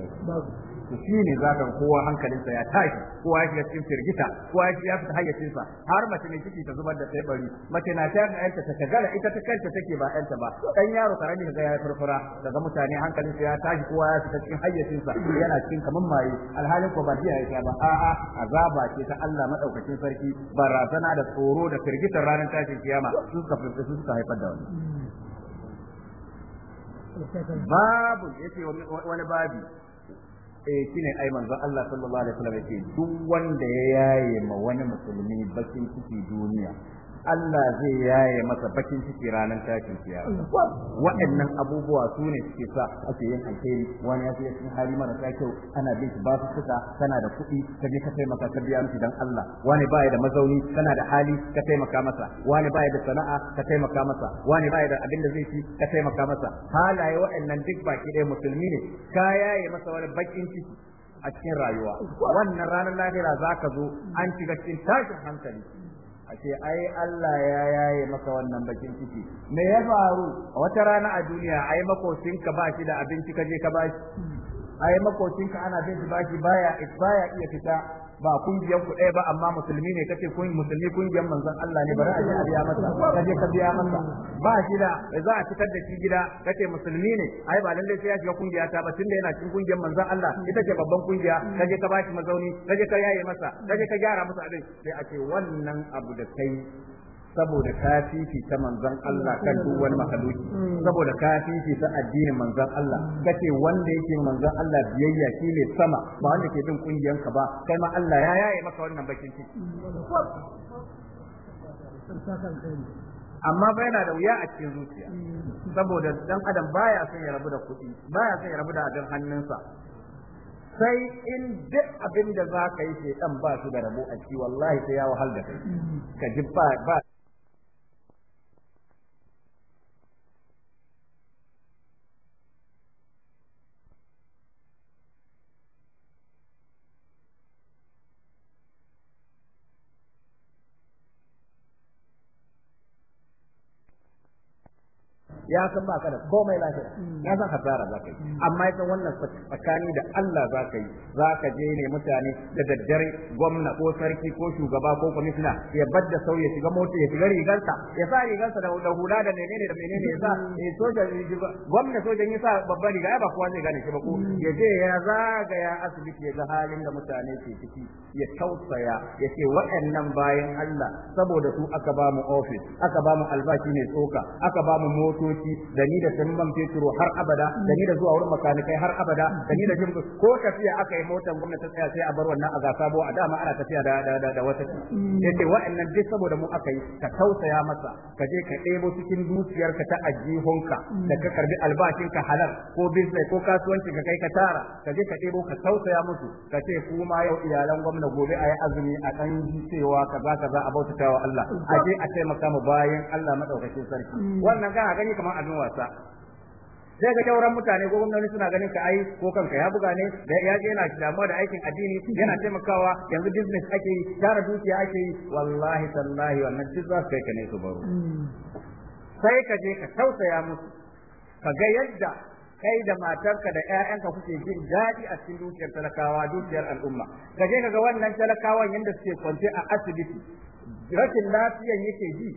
to za ka kowa hankalinsa ya tashi kowa ya shiga cikin firgita kowa ya shiga cikin hayyacinsa har mace ne ciki ta zubar da sai bari mace na ta yanta ta shagala ita ta kanta take ba yanta ba dan yaro karami ga ya furfura daga mutane hankalinsa ya tashi kowa ya shiga cikin hayyacinsa yana cikin kamar maye alhalin ko ba jiya ya ba a'a azaba ce ta Allah madaukakin sarki barazana da tsoro da firgitar ranar tashin kiyama sun suka ka haifar da wannan hmm. babu yace wani babi eh shine ai manzon Allah sallallahu alaihi wasallam yake duk wanda ya yaye ma wani musulmi bakin ciki duniya Allah zai yaye masa bakin ciki ranar tashin kiyama waɗannan abubuwa su ne suke sa ake yin alheri wani ya fiye cikin hali marasa kyau ana bin basu suka kana da kuɗi ka je ka taimaka ka biya miki dan Allah wani ya da mazauni kana da hali ka taimaka masa wani ya da sana'a ka taimaka masa wani ya da abin da zai ci ka taimaka masa halaye waɗannan duk baki ɗaya musulmi ne ka yaye masa wani bakin ciki a cikin rayuwa wannan ranar lahira za ka zo an shiga cikin tashin hankali a ce ai Allah ya yaye maka wannan bakin ciki me ya faru a wata rana a duniya ai makocinka ba shi da abinci kaje ka ba shi ai ka ana bin shi ba shi baya baya iya fita ba kungiyar ku ɗaya ba amma musulmi ne kace kun musulmi kungiyar manzon Allah ne bari a je a biya masa ka je ka biya masa ba shi da za a fitar da shi gida kace musulmi ne ai ba lalle sai ya shiga kungiya ta ba tunda yana cikin kungiyar manzon Allah ita ce babban kungiya ka je ka bashi mazauni ka je ka yaye masa ka je ka gyara masa abin sai a ce wannan abu da kai saboda kafifi ta manzan Allah kan duk wani mahaluki, saboda ka ta addinin manzan Allah kace wanda yake manzan Allah biyayya ne sama ba wanda ke bin kungiyanka ba kai ma Allah ya yaye maka wannan bakin ciki amma ba yana da wuya a cikin zuciya saboda dan adam baya son ya rabu da kuɗi baya son ya rabu da abin hannunsa sai in duk abin da za ka yi dan ba su da rabu a ciki wallahi sai ya wahal da kai ka ji ba ya san ba ka da komai lafiya ya san hasara za ka yi amma ya san wannan tsakani da Allah za ka yi za ka je ne mutane da daddare gwamna ko sarki ko shugaba ko kwamishina ya badda sau ya shiga mota ya shiga rigarsa ya sa rigarsa da hula da menene da menene ya sa gwamna sojan ya sa babban riga ya ba kowa zai gane shi ba ko ya je ya zagaya asibiti ya ga halin da mutane ke ciki ya tausaya ya ce waɗannan bayan Allah saboda su aka ba mu ofis aka ba mu albashi mai tsoka aka ba mu motoci motoci da ni da sanin man har abada da ni da zuwa wurin makanikai har abada da ni da jin ko tafiya aka yi motar gwamnati ta tsaya sai a bar wannan a gasa a dama ana tafiya da da da wata yace wa'annan duk saboda mu aka yi ka tausaya masa ka je ka ɗebo cikin dukiyarka ta ajihunka da ka karbi ka halal ko business ko kasuwanci ka kai ka tara ka je ka debo ka tausaya musu ka ce kuma yau iyalan gwamna gobe a yi azumi a ɗan ka cewa kaza kaza a bautata wa Allah a je a taimaka mu bayan Allah madaukakin sarki wannan ga gani kamar zama abin wasa sai ga jauran mutane ko gwamnati suna ganin ka ai ko kanka ya buga ne da ya je yana damuwa da aikin addini yana taimakawa yanzu business ake yi tara dukiya ake yi wallahi tallahi wannan duk za su kai ka ne su baro sai ka je ka tausaya musu ka ga yadda kai da matarka da ƴaƴanka kuke jin daɗi a cikin dukiyar talakawa dukiyar al'umma ka je ka ga wannan talakawan yanda suke kwance a asibiti rashin lafiyan yake ji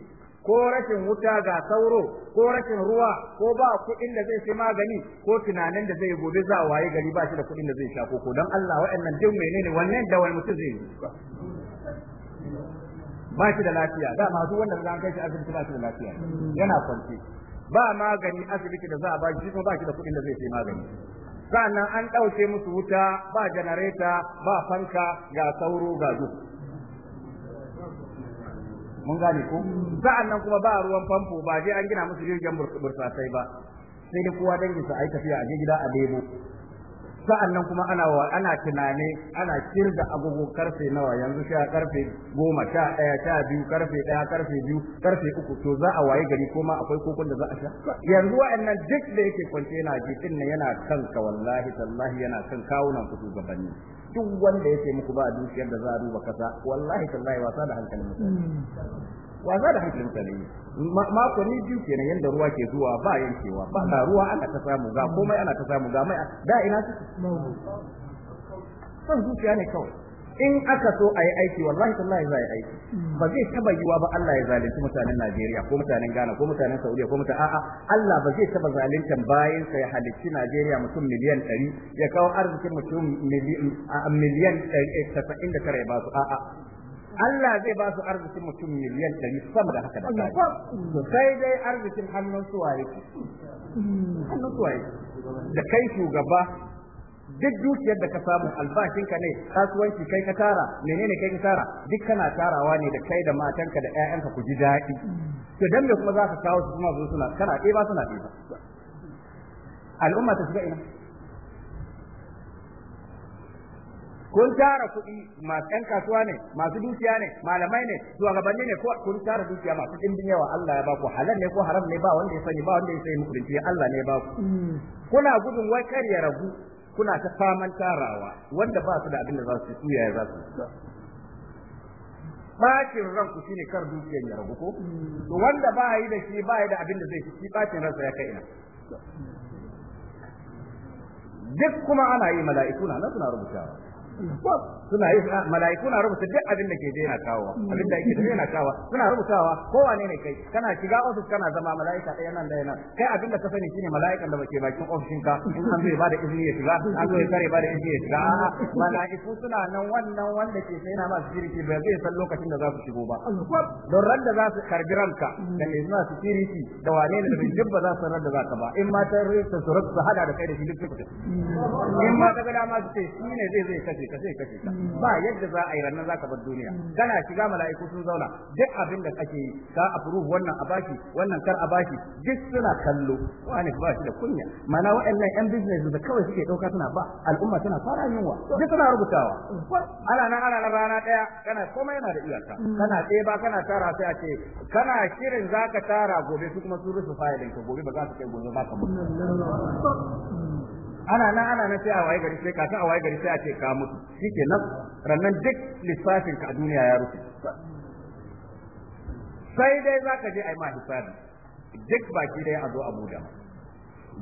ko rashin wuta ga sauro ko rashin ruwa ko ba kuɗin da zai sai magani ko tunanin da zai gobe za waye gari ba shi da kuɗin da zai sha koko don Allah wa'annan duk menene wannan da wani mutum zai yi ba shi da lafiya da masu wanda zan kai shi asibiti ba shi da lafiya yana kwance ba magani asibiti da za a ba shi kuma ba shi da kuɗin da zai sai magani sannan an ɗauke musu wuta ba janareta ba fanka ga sauro ga duk mun gane ko sa'an nan kuma ba ruwan famfo ba je an gina musu jirgin burtsatsai ba sai da kowa dangin sa ai tafiya a je gida a debo sa'an nan kuma ana ana tunane ana kirga agogo karfe nawa yanzu sha karfe goma sha ɗaya sha biyu karfe ɗaya karfe biyu karfe uku to za a waye gari ko ma akwai kokon da za a sha yanzu wa'annan duk da yake kwance yana ji yana kanka wallahi tallahi yana kan kawunan ku gabanin. duk wanda yake muku ba dukiyar da za a duba kasa wallahi tallahi wasa da hankalin mutane hmm. wasa da hankalin mutane ni biyu kenan yanda ruwa ke zuwa ba yankewa ba ga ruwa ana ta samu ga komai ana ta samu ga mai da ina su son zuciya ne kawai in aka so a yi aiki wallahi tallahi za a yi aiki ba zai taba yiwa ba Allah ya zalunci mutanen Najeriya ko mutanen Ghana ko mutanen Saudiya ko mutanen a'a Allah ba zai taba zaluntan bayan sa ya halicci Najeriya mutum miliyan 100 ya kawo arzikin mutum miliyan 99 eh, ya ba su a'a Allah zai ba su arzikin mutum miliyan ɗari sama da haka da sai dai arzikin hannun suwaye hannun suwaye da kai shugaba duk dukiyar da ka samu albashinka ne kasuwanci kai ka tara menene kai ka tara duk kana tarawa ne da kai da matanka da ƴaƴanka ku ji daɗi to dan me kuma za ka kawo su kuma su suna kana ɗeba suna ɗeba al'umma ta shiga ina kun tara kuɗi masu ƴan kasuwa ne masu dukiya ne malamai ne shugabanni ne ko kun tara dukiya masu ɗimbin yawa Allah ya baku halal ne ko haram ne ba wanda ya sani ba wanda ya sani muku Allah ne ya baku mm. kuna gudun wai kar ya ragu kuna ta faman tarawa wanda ba su da abin da za su su yaya za su bacin ranku shine kar dukiyan ya rabu ko to wanda ba yi da shi ba yi da abin da zai shi bacin ransa ya kai ina duk kuma ana yi mala'iku na suna rubutawa suna yi mala'iku na rubuta duk abin da ke je yana kawo abin da yake na kawo suna rubutawa kowane ne kai kana shiga ofis kana zama mala'ika ɗaya nan da yana kai abin da ka sani shine mala'ikan da bake bakin ofishin ka in an zai bada izini ya shiga an zai kare bada izini ya shiga mala'iku suna nan wannan wanda ke sai na masu security ba zai san lokacin da za su shigo ba don ran da za su karbi ranka da ne na security da wane ne da bai jibba za su ran da za ka ba in ma ta rasa su hada da kai da shi duk in ma ta ga dama su ce shi ne zai zai kaje kashe ka sai kashe ka ba yadda za a yi ranar ka bar duniya kana shiga mala'iku sun zauna duk abin da kake yi ka approve wannan a wannan kar a duk suna kallo wani ba shi da kunya mana waɗannan yan business da kawai suke ɗauka suna ba al'umma tana fara yunwa duk suna rubutawa ana nan ana rana ɗaya kana komai yana da iyaka kana ba kana tara sai a ce kana shirin zaka tara gobe su kuma sun rufe fayilin ka gobe ba za su kai gobe ba ka mutu ana nan ana nan sai a waye gari sai kafin a waye gari sai a ce ka mutu shike nan rannan duk lissafin ka a duniya ya rufe sai dai za ka je a yi ma hisabi duk baki dai a zo abuja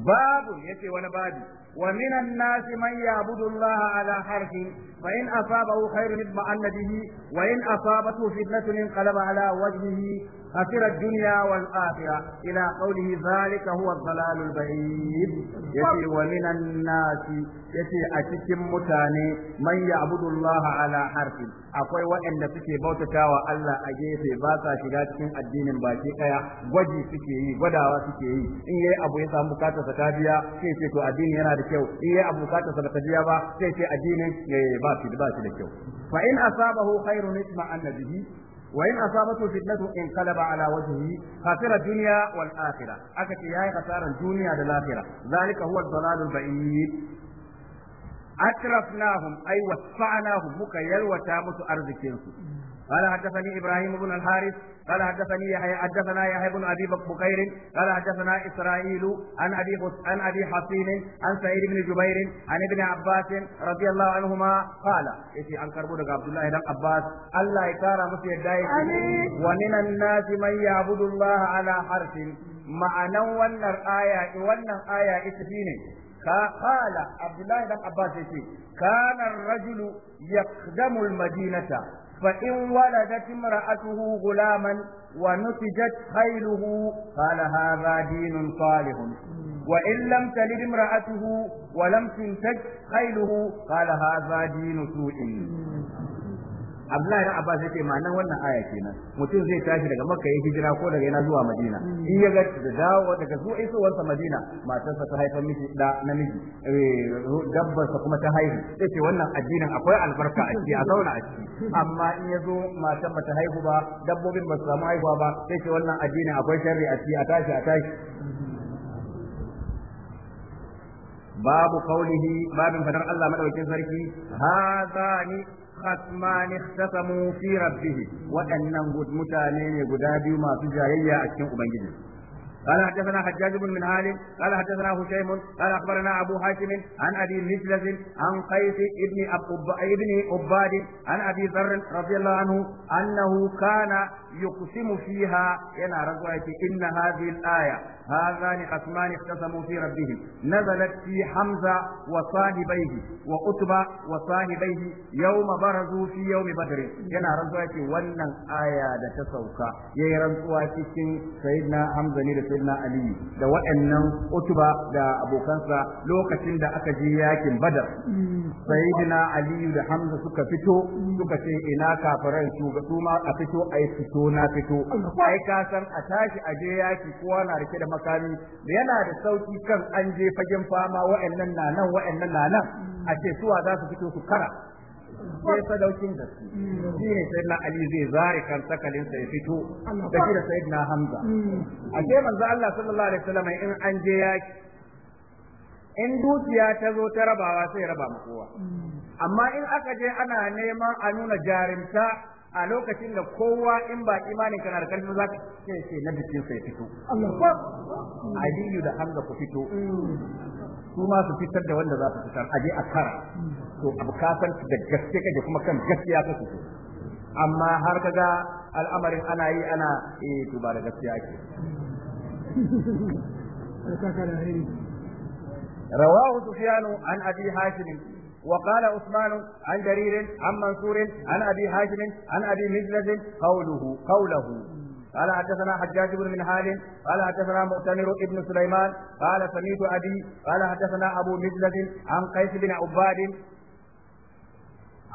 babu ya ce wani babu wa minan nasi man yabudu allaha ala harfin fa in asabahu khairun ma annabihi wa in asabatu fitnatun inqalaba ala wajhihi خسر الدنيا والآخرة إلى قوله ذلك هو الضلال البعيد يتي ومن الناس يتي أتكم متاني من يعبد الله على حرف أقوي وإن سكي بوتك وألا أجيسي باسا شغات الدين باكي وجي سكيه ودا وسكيه إيه أبو يسا مكاتا سكابيا كي سيكو الدين ينا دكيو إيه أبو مكاتا سكابيا كي سي الدين باكي باكي دكيو فإن أصابه خير نسمع النبي وإن أصابته فتنة انقلب على وجهه خسر الدنيا والآخرة أكت يا خسارة الدنيا والآخرة ذلك هو الضلال البعيد أترفناهم أي وسعناهم مكا يلوتا مسو أرزكينسو قال حدثني ابراهيم بن الحارث قال حدثني يحيى حدثنا يحيى بن ابي بكير قال حدثنا اسرائيل عن ابي عن ابي حصين عن سعيد بن جبير عن ابن عباس رضي الله عنهما قال يتي عن كربو عبد الله بن عباس الله يكرم مسيدايك ومن الناس من يعبد الله على حرف ma'anan wannan aya wannan aya ita shine ka qala abdullahi dan abbas yace kana ar-rajulu yaqdamu al-madinata فإن ولدت امرأته غلاما ونتجت خيله قال هذا دين صالح وإن لم تلد امرأته ولم تنتج خيله قال هذا دين سوء Abdullahi ibn Abbas yake ma'anar wannan aya kenan mutum zai tashi daga Makka ya hijira ko daga yana zuwa Madina in ya ga da dawo daga zuwa isowar sa Madina matarsa ta haifa miki da namiji eh, dabbar sa kuma ta haihu yace wannan addinin akwai albarka a ciki a zauna a ciki amma in ya zo matar ba ta haihu ba dabbobin ba su samu haihuwa ba yace wannan addinin akwai sharri a ciki a tashi a tashi babu kaulihi babin fadar Allah madaukin sarki hadani خصمان اختصموا في ربه وأنهم قد متانين قدادي ما تجاهية أكين أبنجد قال حدثنا حجاج بن من هال قال حدثنا هشيم قال اخبرنا ابو هاشم عن ابي مثلث عن قيس ابن ابن عباد عن ابي ذر رضي الله عنه انه كان يقسم فيها ينا رزوة إن هذه الآية هذان خصمان اختصموا في ربهم نزلت في حمزة وصاحبيه وأتبع وصاحبيه يوم برزوا في يوم بدر ينا رزوة ونن آية لتسوكا يي رزوة سيدنا حمزة نير سيدنا علي da wa'annan utuba da abokansa lokacin da aka je yakin badar sayyidina aliyu da hamza suka fito suka ce ina kafiran su ga su ma a fito a fito fito na fito ai ka san a tashi a je yaki kowa na rike da makami da yana da sauki kan an je fagen fama wa'annan na nan wa'annan na nan a ce suwa za su fito su kara sai daukin da shi ne sai na ali zai zare kan sakalin sai fito da shi da sayyidina hamza a ce manzo Allah sallallahu alaihi wasallam in an je yaki in dukiya ta zo ta rabawa sai raba mu kowa amma in aka je ana neman a nuna jarimta a lokacin da kowa in ba imanin kana da karfi za ka ce ce na bikin sai fito aliyu da hanga ku fito su ma su fitar da wanda za su fitar a je a kara to abu ka da gaske kake kuma kan gaskiya ka fito amma har kaga al'amarin ana yi ana eh to ba da gaskiya ake رواه سفيان عن ابي هاشم وقال عثمان عن جرير عن منصور عن أبي حازم عن أبي مجلس قوله قوله قال حدثنا حجاج بن منهال قال حدثنا مؤتمر ابن سليمان قال سميت أبي قال حدثنا أبو مجلس عن قيس بن عباد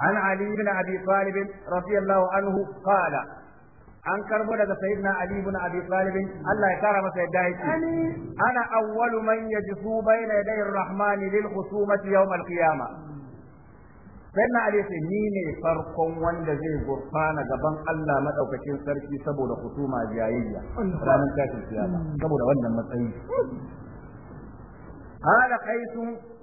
عن علي بن أبي طالب رضي الله عنه قال an karbo daga sayyidina ali ibn abi talib Allah ya kara masa yadda yake ana awwalu man yajfu bayna yaday ar-rahman lil khusumati yawm al-qiyamah sai na ali sai ni ne farkon wanda zai gurfana gaban Allah madaukakin sarki saboda husuma jayayya ranar tashin kiyama hmm. saboda wannan matsayi قال قيس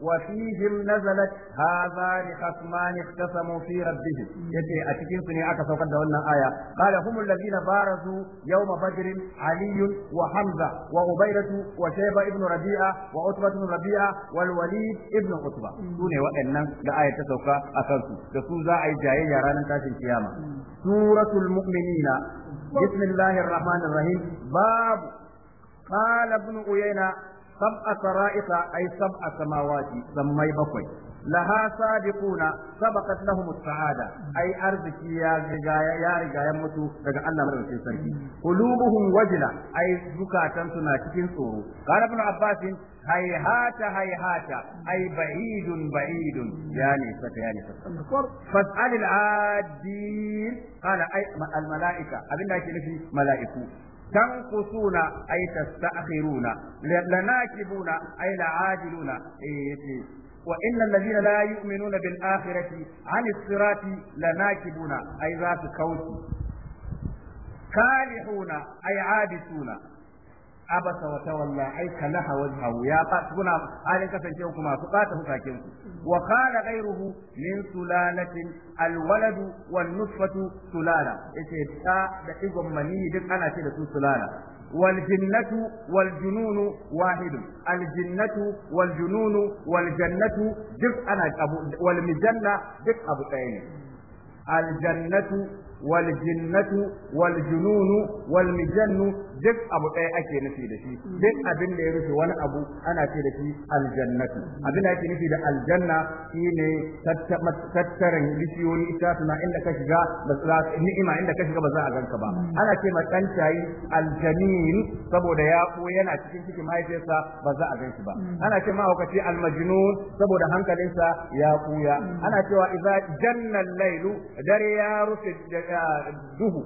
وفيهم نزلت هذان خصمان اختصموا في ربهم يتي أتكين سني أكا سوف دولنا آية قال هم الذين بارزوا يوم بدر علي وحمزة وعبيدة وشيبة ابن ربيعة وعتبة ابن ربيعة والوليد ابن عتبة سوني وإنن لآية سوف أكلتوا لسوزا أي جاية يرانا تاشي القيامة سورة المؤمنين بسم الله الرحمن الرحيم باب قال ابن عيينة sab'a sara'iqa ay sab'a samawati sammai bakwai laha sabiquna sabaqat lahum as-sa'ada ay arziki ya riga ya mutu daga Allah madaukakin sarki qulubuhum wajila ay zukatan suna cikin tsoro qala ibn abbas hayhata hayhata ay ba'idun ba'idun yani sata yani sata fas'al al-adin qala ay al-mala'ika abinda nufi mala'iku tankusuna أي تستأخرون لناكبون أي لعاجلون وإن الذين لا يؤمنون بالآخرة عن الصراط لناكبون أي ذات كوت كالحون أي عابسون أبس وتولى أي كلها وجهه يا قاتلنا عليك فانتهكما فقاته فاكنكم وقال غيره من سلالة الولد والنصفة سلالة إيه تا دا إغم مني دك أنا كده سلالة والجنة والجنون واحد الجنة والجنون والجنة دك أنا أبو والمجنة دك أبو تاني الجنة والجنة waljinunu, walmijannu, duk abu ɗaya ake nufi da shi duk abin da ya rufe wani abu ana ce da shi aljannatu abin da ake nufi da aljanna shine tattarin bishiyoyi itatuna inda ka shiga ba za ni'ima inda ka shiga ba za a ganka ba ana ce ma dan tayi aljamin saboda ya ko yana cikin mahaifiyarsa ba za a ganshi ba ana ce ma hukaci almajnun saboda hankalinsa ya kuya ana cewa idza janna al-lailu dare ya rufe duhu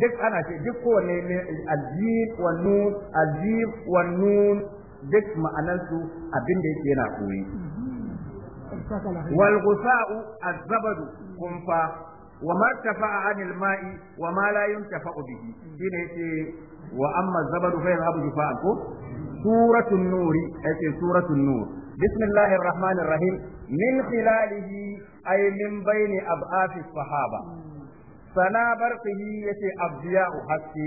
duk ana ce duk kowanne ne aljim wa nun aljim wa nun duk ma'anansu abin da yake yana koyi wal ghusa'u az-zabadu kumfa wa ma 'anil ma'i wa ma la yuntafa'u bihi shine yace wa amma az fa yahabu jufa'an ko suratul nur yace suratul nur bismillahir rahmanir rahim min khilalihi ay min bayni ab'afis sahaba sana barqihi yace abdiya'u haske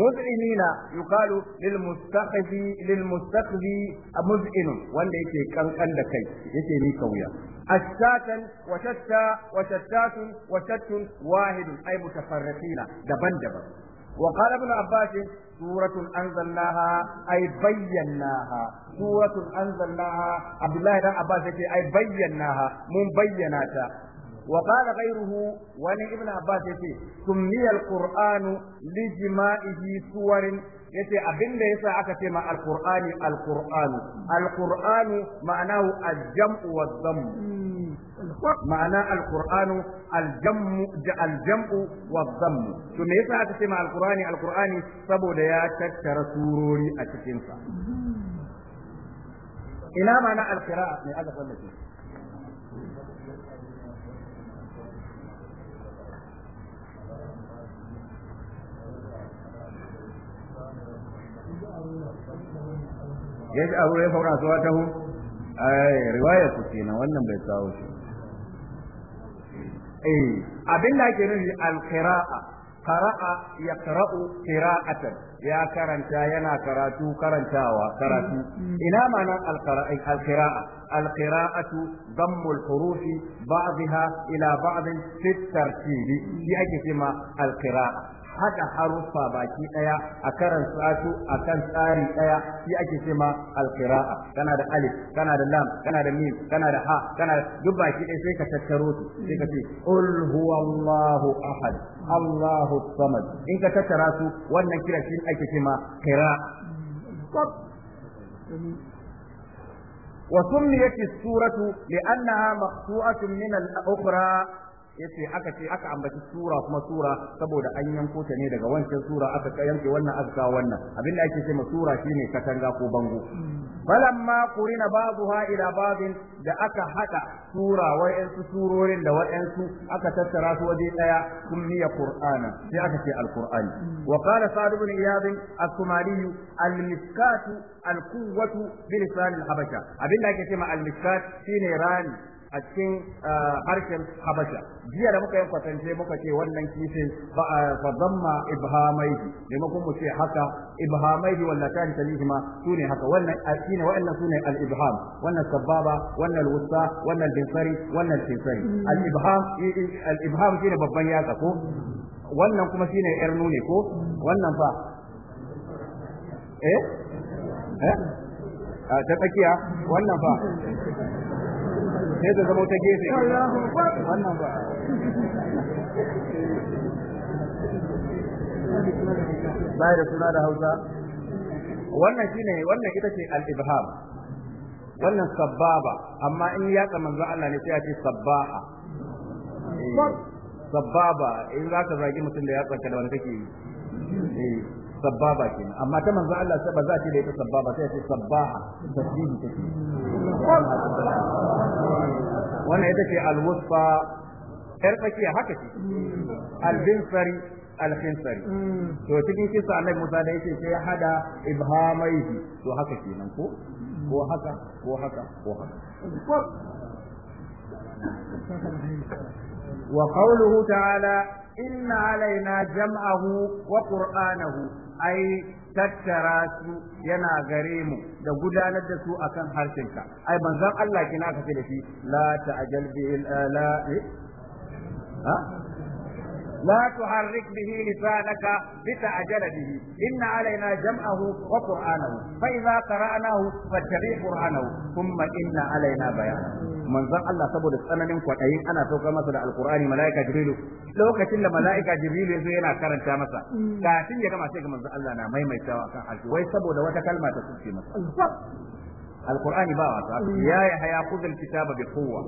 muz'inina yuqalu lil mustaqdi lil mustaqdi muz'in wanda yake kankan da kai yake ni kauya A wa shatta wa shattatun wa shattun wahidun daban-daban wa qala abbas سورة أنزلناها أي بيناها سورة أنزلناها عبد الله بن عباس أي بيناها من بيناتها وقال غيره وان ابن عباس يتي سمي القرآن لجمائه سور yace abin da yasa aka ce ma alqur'ani alqur'anu alqur'anu ma'anahu aljam'u wadhamm ma'ana alqur'anu aljam'u aljam'u wadhamm to me yasa aka ce ma alqur'ani alqur'ani saboda ya tattara surori a cikinsa. ina ma'ana alqira'a ne aka yaji abu ya faura wata tahu ai riwaya ku kenan wannan bai kawo shi eh abin da ke nufi al-qira'a ya yaqra'u qira'atan ya karanta yana karatu karantawa karatu ina ma'anar al-qira'a al-qira'atu dammu ba'daha ila ba'd fi at-tartib shi ake cewa al-qira'a haɗa haruffa baki ɗaya a karan su a kan tsari ɗaya shi ake ce ma alqira'a kana da alif kana da lam kana da mim kana da ha kana duk baki ɗaya sai ka tattaro su sai ka ce qul huwallahu ahad allahu samad in ka tattara su wannan kira shi ake ce ma qira'a as-suratu li'annaha maqtu'atun min al-ukhra yace aka ce aka ambaci sura kuma sura saboda an yanko ta ne daga wancan sura aka yanke wannan aka wannan abinda ake ce ma sura shine katanga ko bango falamma qurina babu ila ba'din da aka hada sura wa'ansu surorin da wa'ansu aka tattara su waje daya kulliya qur'ana sai aka ce alqur'ani wa qala sa'd ibn iyad as-sumali al-miskat al-quwwatu bi lisan al-habasha abinda ake ce ma al-miskat shine rani a cikin eh, harshen habasha jiya da muka yi kwatance muka ce wannan kifin ba a fadamma ibhamaihi maimakon mu ce haka ibhamaihi wannan kan talihima sune haka wannan ne wa'annan sune al ibham wannan sababa wannan al wannan binsari wannan tinsari mm. al ibham al ibham shine babban yatsa ko wannan kuma shi ne yar nune ko wannan fa eh eh ta tsakiya wannan fa sai zama ta gefe wannan ba bai da suna da Hausa wannan shine wannan ita ce al-ibham wannan sababa, amma in ya ka manzo Allah ne sai ya ce sababa, eh, sababa in za ka zagi mutum da ya tsaka da wani kake yi eh. sabbaba kenan amma ta manzo Allah sai ba za ta ita sabbaba sai ta sabbaha tasbihi take wannan ita ce alwusfa yar tsakiya haka ce albinsari alkhinsari to cikin kisa annabi Musa da yake sai ya hada ibhamaihi to haka kenan ko ko haka ko haka ko haka وقوله تعالى إن علينا جمعه وقرآنه Ai tattara su yana gare mu da gudanar da su akan harshen sa. Ai ban Allah gina ka ke da fi. Lata a jalbi ilala, Ha? Lata har bihi lisa na ka fita a jala alaina jama'a ho wa ƙur'ana mu, fa ina kara a nahu faddarai ƙur'ana mu, kuma in alaina bayanai. manzon Allah saboda tsananin kwaɗayin ana saukar masa da alkur'ani mala'ika jibrilu lokacin da mala'ika jibrilu yazo yana karanta masa kafin ya gama sai ga manzon Allah na maimaitawa kan alkur'ani wai saboda wata kalma ta suke masa القرآن باوات يا يحيى خذ الكتاب بقوة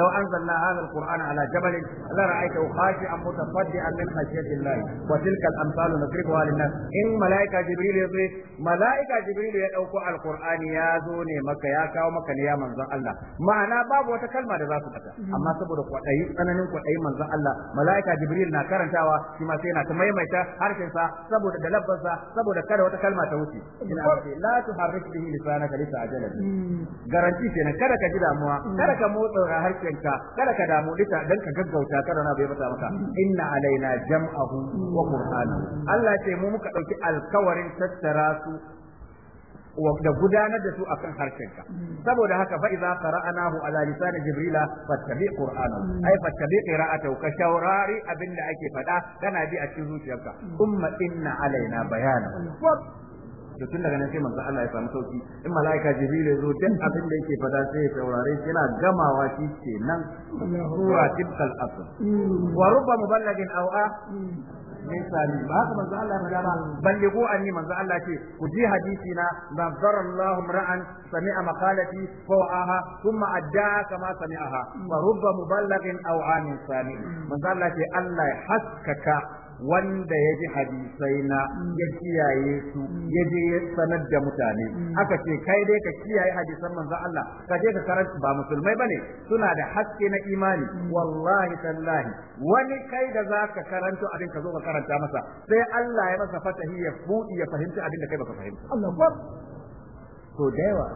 لو أنزلنا هذا القرآن على جبل لرأيته خاشعا متصدعا من خشية الله وتلك الأمثال نضربها للناس إن ملائكة جبريل يضرب ملائكة جبريل يدعوك القرآن يا زوني مكة يا كاو مكة يا من الله معنى باب وتكلمة لذات مكة أما سبب قطعي أنا ننقل أي من الله ملائكة جبريل ناكرن تاوى كما سينا تميميتا حرشنسا سبب دلبسا سبب كده وتكلمة توسي لا تحرك به لسانك لسانك Garanci ce hmm. garanti ce kada ka ji damuwa hmm. kada ka motsa ka, kada ka damu duka dan ka gaggauta kada na bai bata maka hmm. inna alaina jam'ahu wa qur'ana Allah ce mu muka dauki alkawarin tattara su da gudanar da su akan harshenka saboda haka fa idza qara'nahu ala lisan jibrila fattabi qur'ana ai fattabi tauka ka abin abinda ake fada kana bi a cikin zuciyarka umma inna alaina bayana to tun daga nan sai manzo Allah ya samu sauki in malaika jibril ya zo duk abin da yake fada sai ya saurare shi yana gamawa shi kenan huwa tibqal asr wa rubba muballighin aw a min ba haka manzo Allah ya ba balligo anni manzo Allah ce ku ji hadisi na da zarallahu ra'an sami'a maqalati fa wa'aha thumma adda kama sami'aha wa rubba muballighin aw a min sami manzo Allah ce Allah ya haskaka wanda ya ji hadisai na ya kiyaye su ya je sanar da mutane aka ce kai dai ka kiyaye hadisan manzon Allah ka je ka karanta ba musulmai bane suna da haske na imani wallahi tallahi wani kai da zaka karanto abin ka zo ka karanta masa sai Allah ya masa fatahi ya fudi ya fahimta abin da kai baka fahimta to da yawa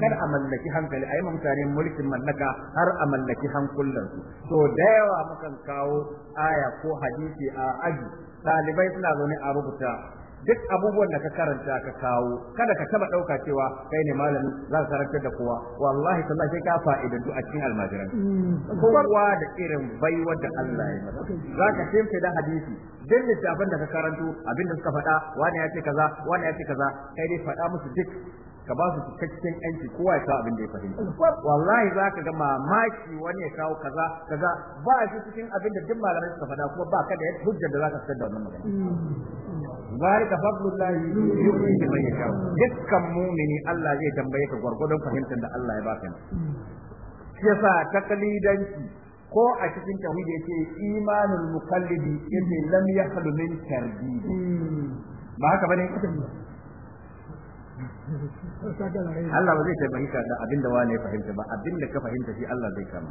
kar a mallaki hankali a yi mutane mulkin mallaka har a mallaki hankulansu to da yawa mukan kawo aya ko hadisi a aji ɗalibai suna zaune a rubuta duk abubuwan da ka karanta ka kawo kada ka taba ɗauka cewa kai ne malamin za ka karantar da kowa wallahi sallah sai ka fa'idantu a cikin almajiran kowa da irin baiwar da Allah ya masa za ka shimfe da hadisi duk littafin da ka karanto abin da suka faɗa wani ya ce kaza wani ya ce kaza kai dai faɗa musu duk ka ba su cikakken aiki kowa ya kawo abin da ya fahimta wallahi za ka ga mamaki wani ya kawo kaza kaza ba shi cikin abin da duk malamai suka faɗa kuma ba ka da hujjar da za ka fitar da wannan magana zalika fadlullahi yu'tihi man yasha dukkan mu'mini Allah zai tambaye ka gwargwadon fahimtar da Allah ya ba baka shi yasa taklidanci ko a cikin tauhid yake imanul muqallidi yace lam yahlu min tardid ba haka bane Allah ba zai taimaki ka da abinda wani ya fahimta ba abinda ka fahimta shi Allah zai kama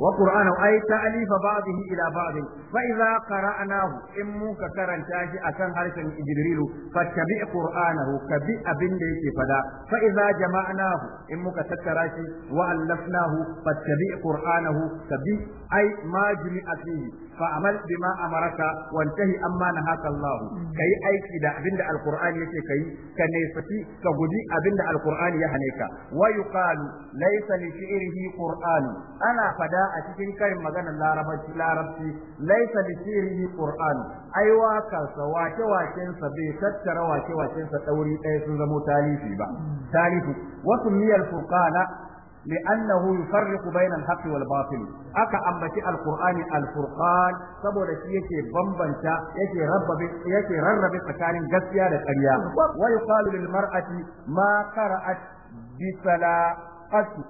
wa qur'ana ay ta'lifa ba'dihi ila ba'd fa idza qara'nahu in muka karanta shi akan harshen jibrilu fattabi qur'anahu kabi abinda yake fada fa idza jama'nahu in muka tattara shi wa allafnahu fattabi qur'anahu kabi ay majmi'atihi fa'amal bima amaraka wantahi amma nahaka Ka yi aiki da abinda alqur'ani yake kai ka nesati ka guji abinda alqur'ani ya hane ka wa yuqalu laysa li shi'rihi qur'an ana fada a cikin karin maganar larabci larabci laysa li shi'rihi qur'an ai wakarsa wake wakensa bai tattara wake wakensa dauri ɗaya sun zamo talifi ba talifu wasu miyar furqana لأنه يفرق بين الحق والباطل أكا أمتي القرآن الفرقان سبو لشي يكي بمبنشا يكي رب يكي رب سكان جسيا لتريا ويقال للمرأة ما قرأت بسلا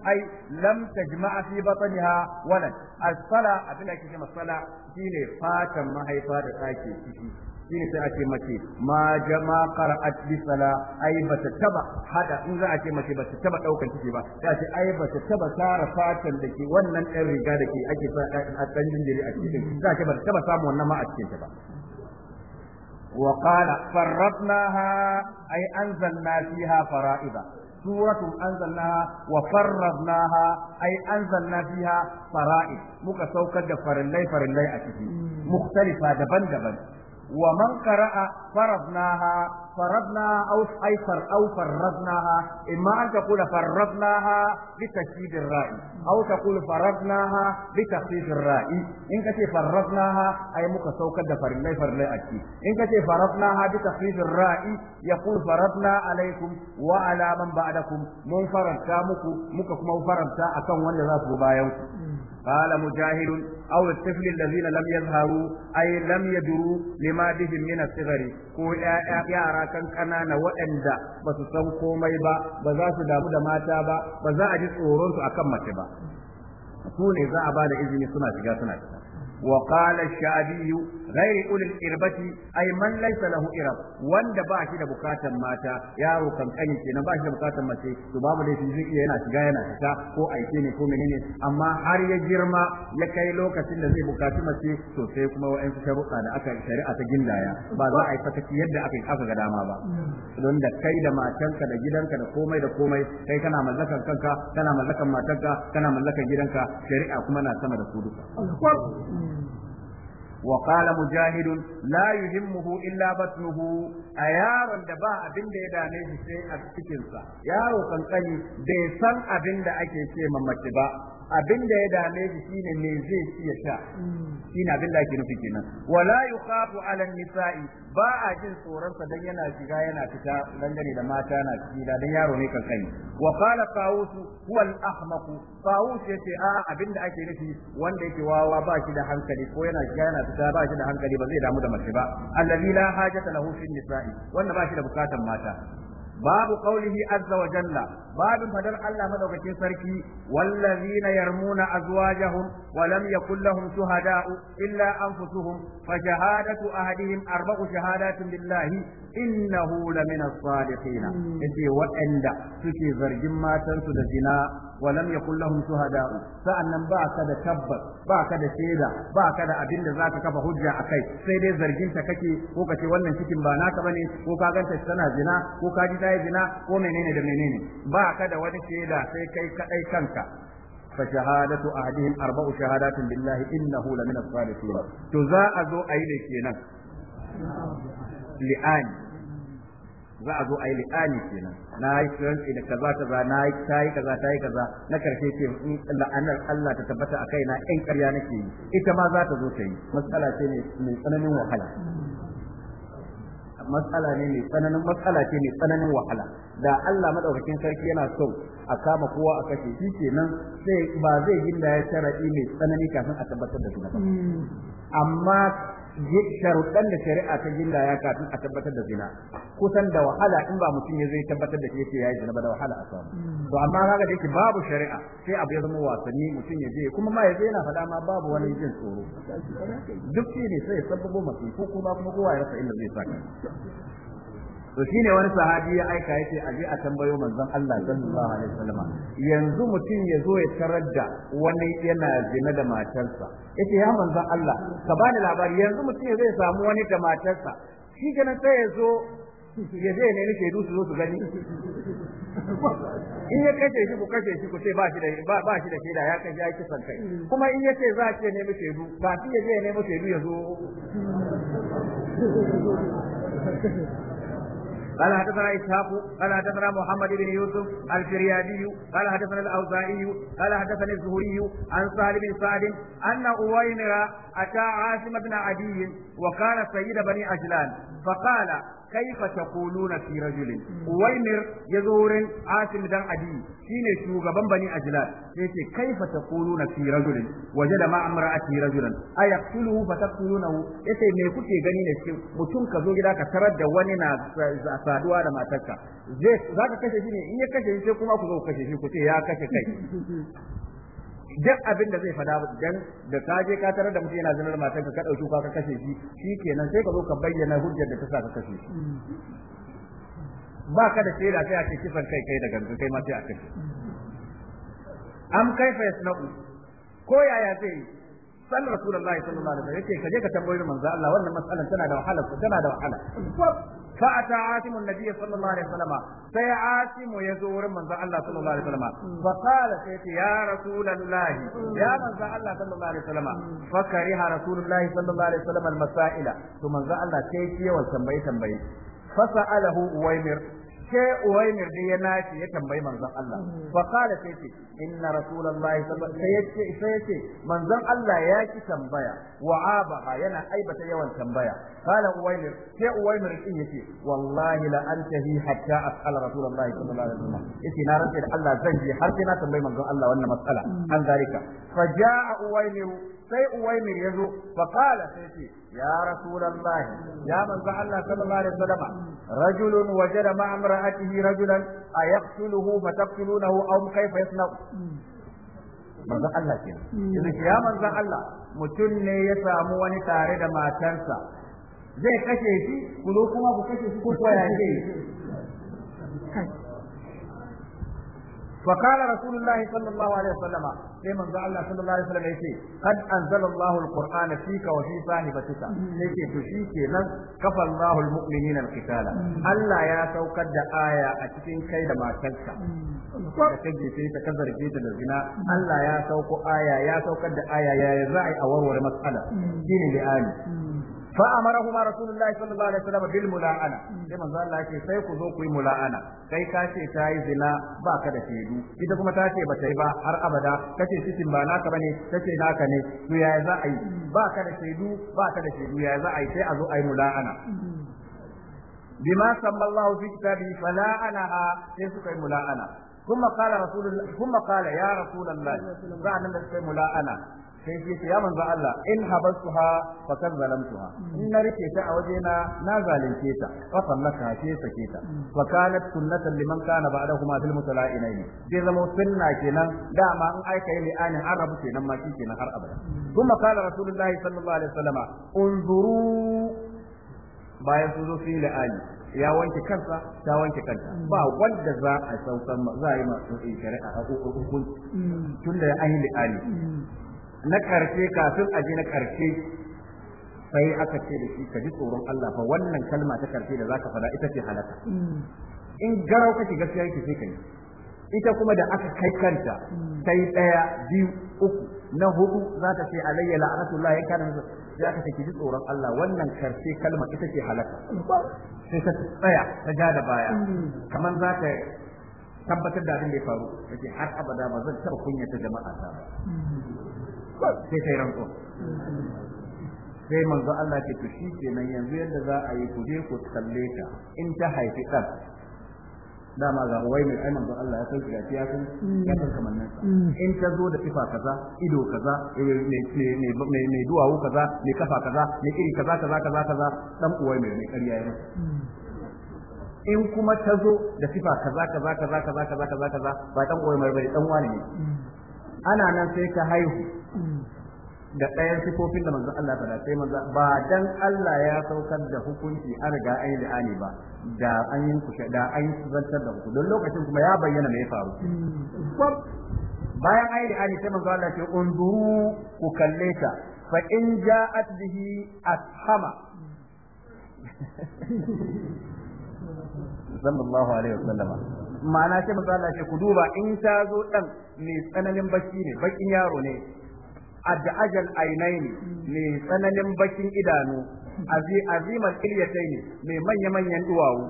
أي لم تجمع في بطنها ولد الصلاة أبنى كي الصلاة shine fatan mahaifa da tsake ciki shine sai a ce mace ma jama qara'at bi sala ai bata taba hada in za a ce mace bata taba daukan ciki ba sai a ce ai bata taba tara fatan da ke wannan ɗan riga da ke ake sa a dan jinjiri a cikin za a ce ta taba samu wannan ma a cikin ta ba wa qala farradnaha ai anzalna fiha fara'ida سورة أنزلناها وفرضناها أي أنزلنا فيها فرائض مكسوكة فرلي فرلي أكتي مختلفة دبن دبن ومن قرأ فرضناها فرضنا أو أيسر أو فرضناها إما أن تقول فرضناها بتشديد الرأي أو تقول فرضناها بتخفيف الرأي إن كتي فرضناها أي مكسوك الدفر لا فرلا أكي إن كتي فرضناها بتخفيف الرأي يقول فرضنا عليكم وعلى من بعدكم من فرنتا كامكم مكو مو فرنتا كامكم ولا ذات قال مجاهد أو الطفل الذين لم يظهروا أي lamya duru لما بهم من الصغر ko yara kankana na waɗanda ba su san komai ba ba za su damu da mata ba ba za a ji tsoron tsoronsu akan mace ba su ne za a ba da izini suna shiga suna fita wa qala sha'biyu ghairi ulil irbati ay man laysa lahu ira, wanda ba shi da bukatan mata yaro kankani kenan ba shi da bukatan mace to babu laifi zai yana shiga yana fita ko aike ne ko menene amma har ya girma ya kai lokacin da zai bukaci mace to sai kuma wa'ansu sharuɗa da aka shari'a ta gindaya ba za a yi fataki yadda aka yi aka ga dama ba don da kai da matanka da gidanka da komai da komai kai kana mallakan kanka kana mallakan matanka kana mallakan gidanka shari'a kuma na sama da su duka وقال مجاهد لا يهمه إلا بطنه أيار دبا أبن دي دانيه سي أبتكنسا يارو قنقني دي سن أبن دا أكي سي ممتبا abin da ya dame shi shine me zai iya sha shine abin da ake nufi kenan wala yukhafu ala nisa'i ba a jin tsoron sa dan yana shiga yana fita dangane da mata na ciki da dan yaro ne kan kai wa qala fa'us huwa al-ahmaq fa'us yace a abin da ake nufi wanda yake wawa ba shi da hankali ko yana shiga yana fita ba shi da hankali ba zai damu da mace ba allazi la hajata lahu fi nisa'i wanda ba shi da bukatan mata babu qawlihi azza wa jalla babin fadar Allah madaukakin sarki wallazina yarmuna azwajahum wa lam yakul lahum shuhada'u illa anfusuhum fa shahadatu ahadihim arba'u shahadatin billahi innahu lamina as-sadiqin hmm. yace waɗanda suke zargin matansu da zina ولم يكن لهم شهداء sa'annan ba ka da tabbas ba ka da shaida ba ka da abin da zaka kafa hujja akai sai dai zargin ta kake ko kace wannan cikin ba naka bane ko ka ganta tana zina ko ka ji tayi zina ko menene da menene ba ba da wani shaida sai kai kadai kanka fa shahadatu ahadihim arba'u shahadatin billahi innahu la min as-salihin to za a zo a yi ne kenan li'ani za a zo a yi li'ani kenan na yi rantsi da kaza kaza na yi tayi kaza tayi kaza na karshe ce in la'anar Allah ta tabbata a kaina ƴan ƙarya nake yi ita ma za ta zo ta yi matsala ce ne mai tsananin wahala matsala ne mai tsananin matsala ce mai tsananin wahala da Allah madaukakin sarki yana so a kama kowa a kashe shi kenan sai ba zai da ya shara'i mai tsanani kafin a tabbatar da shi ba hmm. amma sharuɗan da shari'a ta gilla ya kafin a tabbatar da zina kusan da wahala in ba mutum ya zai tabbatar da yake yayi zina ba da wahala a samu to amma kaga da yake babu shari'a sai abu ya zama wasanni mutum ya je kuma ma ya je yana faɗa ma babu wani jin tsoro duk shi ne sai ya sabbabo masu ko kuma kuma kowa ya rasa inda zai saka to shine wani sahabi ya aika yace a je a tambayo manzon Allah sallallahu alaihi wasallam yanzu mutum ya zo ya tarar da wani yana zina da matarsa yace ya manzon Allah ka bani labari yanzu mutum ya zo ya samu wani da matarsa shi kenan sai ya zo ya je ne ne shaidu su zo su gani in ya kace shi ku kace shi ku ce ba shi da ba shi da shaida ya kace ya kisan kai kuma in yace za ce ne mu shaidu ba shi ya je ne mu shaidu ya zo قال حدثنا إسحاق قال حدثنا محمد بن يوسف الفريابي قال حدثنا الأوزاعي قال حدثنا الزهري عن سهل بن سعد أن أويمر أتى عاصم بن عدي bani a وكان سيد بني عجلان فقال كيف تقولون في رجل ويمر يزور عاصم دان عدي شيني شوغبان بني عجلان يتي كيف تقولون في رجل وجد مع امرأته رجلا ايقتله فتقتلونه يتي me kuke gani ne cikin mutum ka zo gida ka tarar da wani na saduwa da matarsa. zai za ka kashe shi ne in ya kashe shi sai kuma ku zo kashe shi ku ce ya kashe kai duk abin da zai fada dan da ka je ka tarar da mutum yana zinar matanka ka dauki ka kashe shi shikenan sai ka zo ka bayyana hujjar da ta sa ka kashe shi ba ka da shaida sai a ce kisan kai kai da gangan kai ma sai a kashe am kaifa yasna'u ko yaya zai yi san rasulullahi sallallahu alaihi wasallam ka kaje ka tambayi manzo Allah wannan mas'alan tana da wahala tana da wahala فأتى عاصم النبي صلى الله عليه وسلم سي عاصم يزور من الله صلى الله عليه وسلم فقال سيتي يا رسول الله يا من الله صلى الله عليه وسلم فكره رسول الله صلى الله عليه وسلم المسائل ثم من الله سيتي والتنبيه تنبيه فسأله أويمر sai uwaimir ne ya nace ya tambayi manzon Allah mm-hmm. fa qala sai ce inna rasulullahi sallallahu alaihi sai ce manzon Allah ya ki tambaya wa abaha yana aibata yawan tambaya qala uwaimir sai uwaimir din yace wallahi la antahi hatta as'ala rasulullahi sallallahu alaihi wasallam yace na rantsa da Allah zan je har sai na tambayi manzon Allah wannan matsala mm-hmm. an zalika fa jaa uwaimir sai uwaimir yazo fa qala sai ce يا رسول الله يا من الله صلى الله عليه وسلم رجل وجد مع امرأته رجلا أيقتله فتقتلونه أو كيف يصنع manzon Allah ke ya manzon Allah mutum ne ya samu wani tare da matarsa zai kashe shi ku kuma ku kashe shi ko kuwa ya فقال رسول الله صلى الله عليه وسلم لمن قال الله صلى الله عليه وسلم يتي قد أنزل الله القرآن فيك وفي صاحبتك يتي تشيك لن كفى الله المؤمنين القتال ألا يا توقد آية أتكين كيد ما تلك تكجي في تكذر جيد الزنا ألا يا توقد آية يا توقد آية يا يزعي أول مسألة دين لآني fa amarahuma rasulullahi sallallahu alaihi wasallam bil mula'ana sai manzo Allah ya ce sai ku zo ku yi mula'ana kai ka ce ta yi zina ba ka da shaidu ita kuma ta ce ba ta yi ba har abada kace cikin ba naka bane kace naka ne to yaya za a yi ba ka da shaidu ba ka da shaidu yaya za a yi sai a zo a yi mula'ana bima sallallahu fi kitabi fala anaha sai suka yi mula'ana ثم قال رسول الله ثم قال يا رسول الله بعد ما ملاءنا sai ce ya manzo Allah in habastuha fa kan zalamtuha in na rike ta a waje na na zalunce ta fa sallaka ce sake ta fa kanat sunnatan liman kana ba'da kuma fil mutala'inain zai zama sunna kenan dama in aika yi li'anin arabu kenan ma kenan har abada kuma kana rasulullahi sallallahu alaihi wasallama unzuru bayan sun zo fil ali ya wanke kansa ta wanke kanta ba wanda za a saukan za a yi masu eh, shari'a a hukunci mm. tun da ya ainihin ali mm. na karshe kafin a je na karshe sai aka ce da shi ka ji tsoron Allah fa wannan kalma ta karshe da zaka faɗa ita ce halaka mm. in garau kake gaskiya yake sai kai ita kuma da aka kai kanta mm. sai daya biyu uku na hudu za ta ce alayya la'anatullah ya kana sai aka ce ki ji tsoron Allah wannan karshe kalma ita ce halaka sai ta tsaya ta ja da baya mm. kamar za ta tabbatar da abin da ya faru kace har abada ba zan taba kunyata jama'a ta ba sai yi rantsuwa sai manzo Allah ke to shi kenan yanzu yadda za a yi kuje ku kalle ta in ta haifi ɗan dama ga wai mai aiman zan Allah ya san shiga ya san ya san kamannin sa mm. in ta zo da sifa kaza ido kaza eh, eh, mai duwawu kaza mai kafa kaza mai iri kaza kaza kaza kaza dan uwai mai mai ƙarya ya mm. in kuma ta zo da sifa kaza kaza kaza kaza kaza kaza kaza ba dan uwai mai bai dan wani ne mm. ana nan sai ta haihu da ɗayan sifofin da manzon Allah ta sai manzo ba dan Allah ya saukar da hukunci an riga an yi la'ani ba da an yi kushe da an yi zantar da hukunci don lokacin kuma ya bayyana me ya faru bayan an yi la'ani sai manzo Allah ce unzuru ku kalle ta fa in ja'at bihi ashama sallallahu ma'ana sai manzo Allah ce ku duba in ta zo dan mai tsananin baki ne bakin yaro ne ajal ainaini mai tsananin bakin idanu azimal ne mai manya manyan duwawu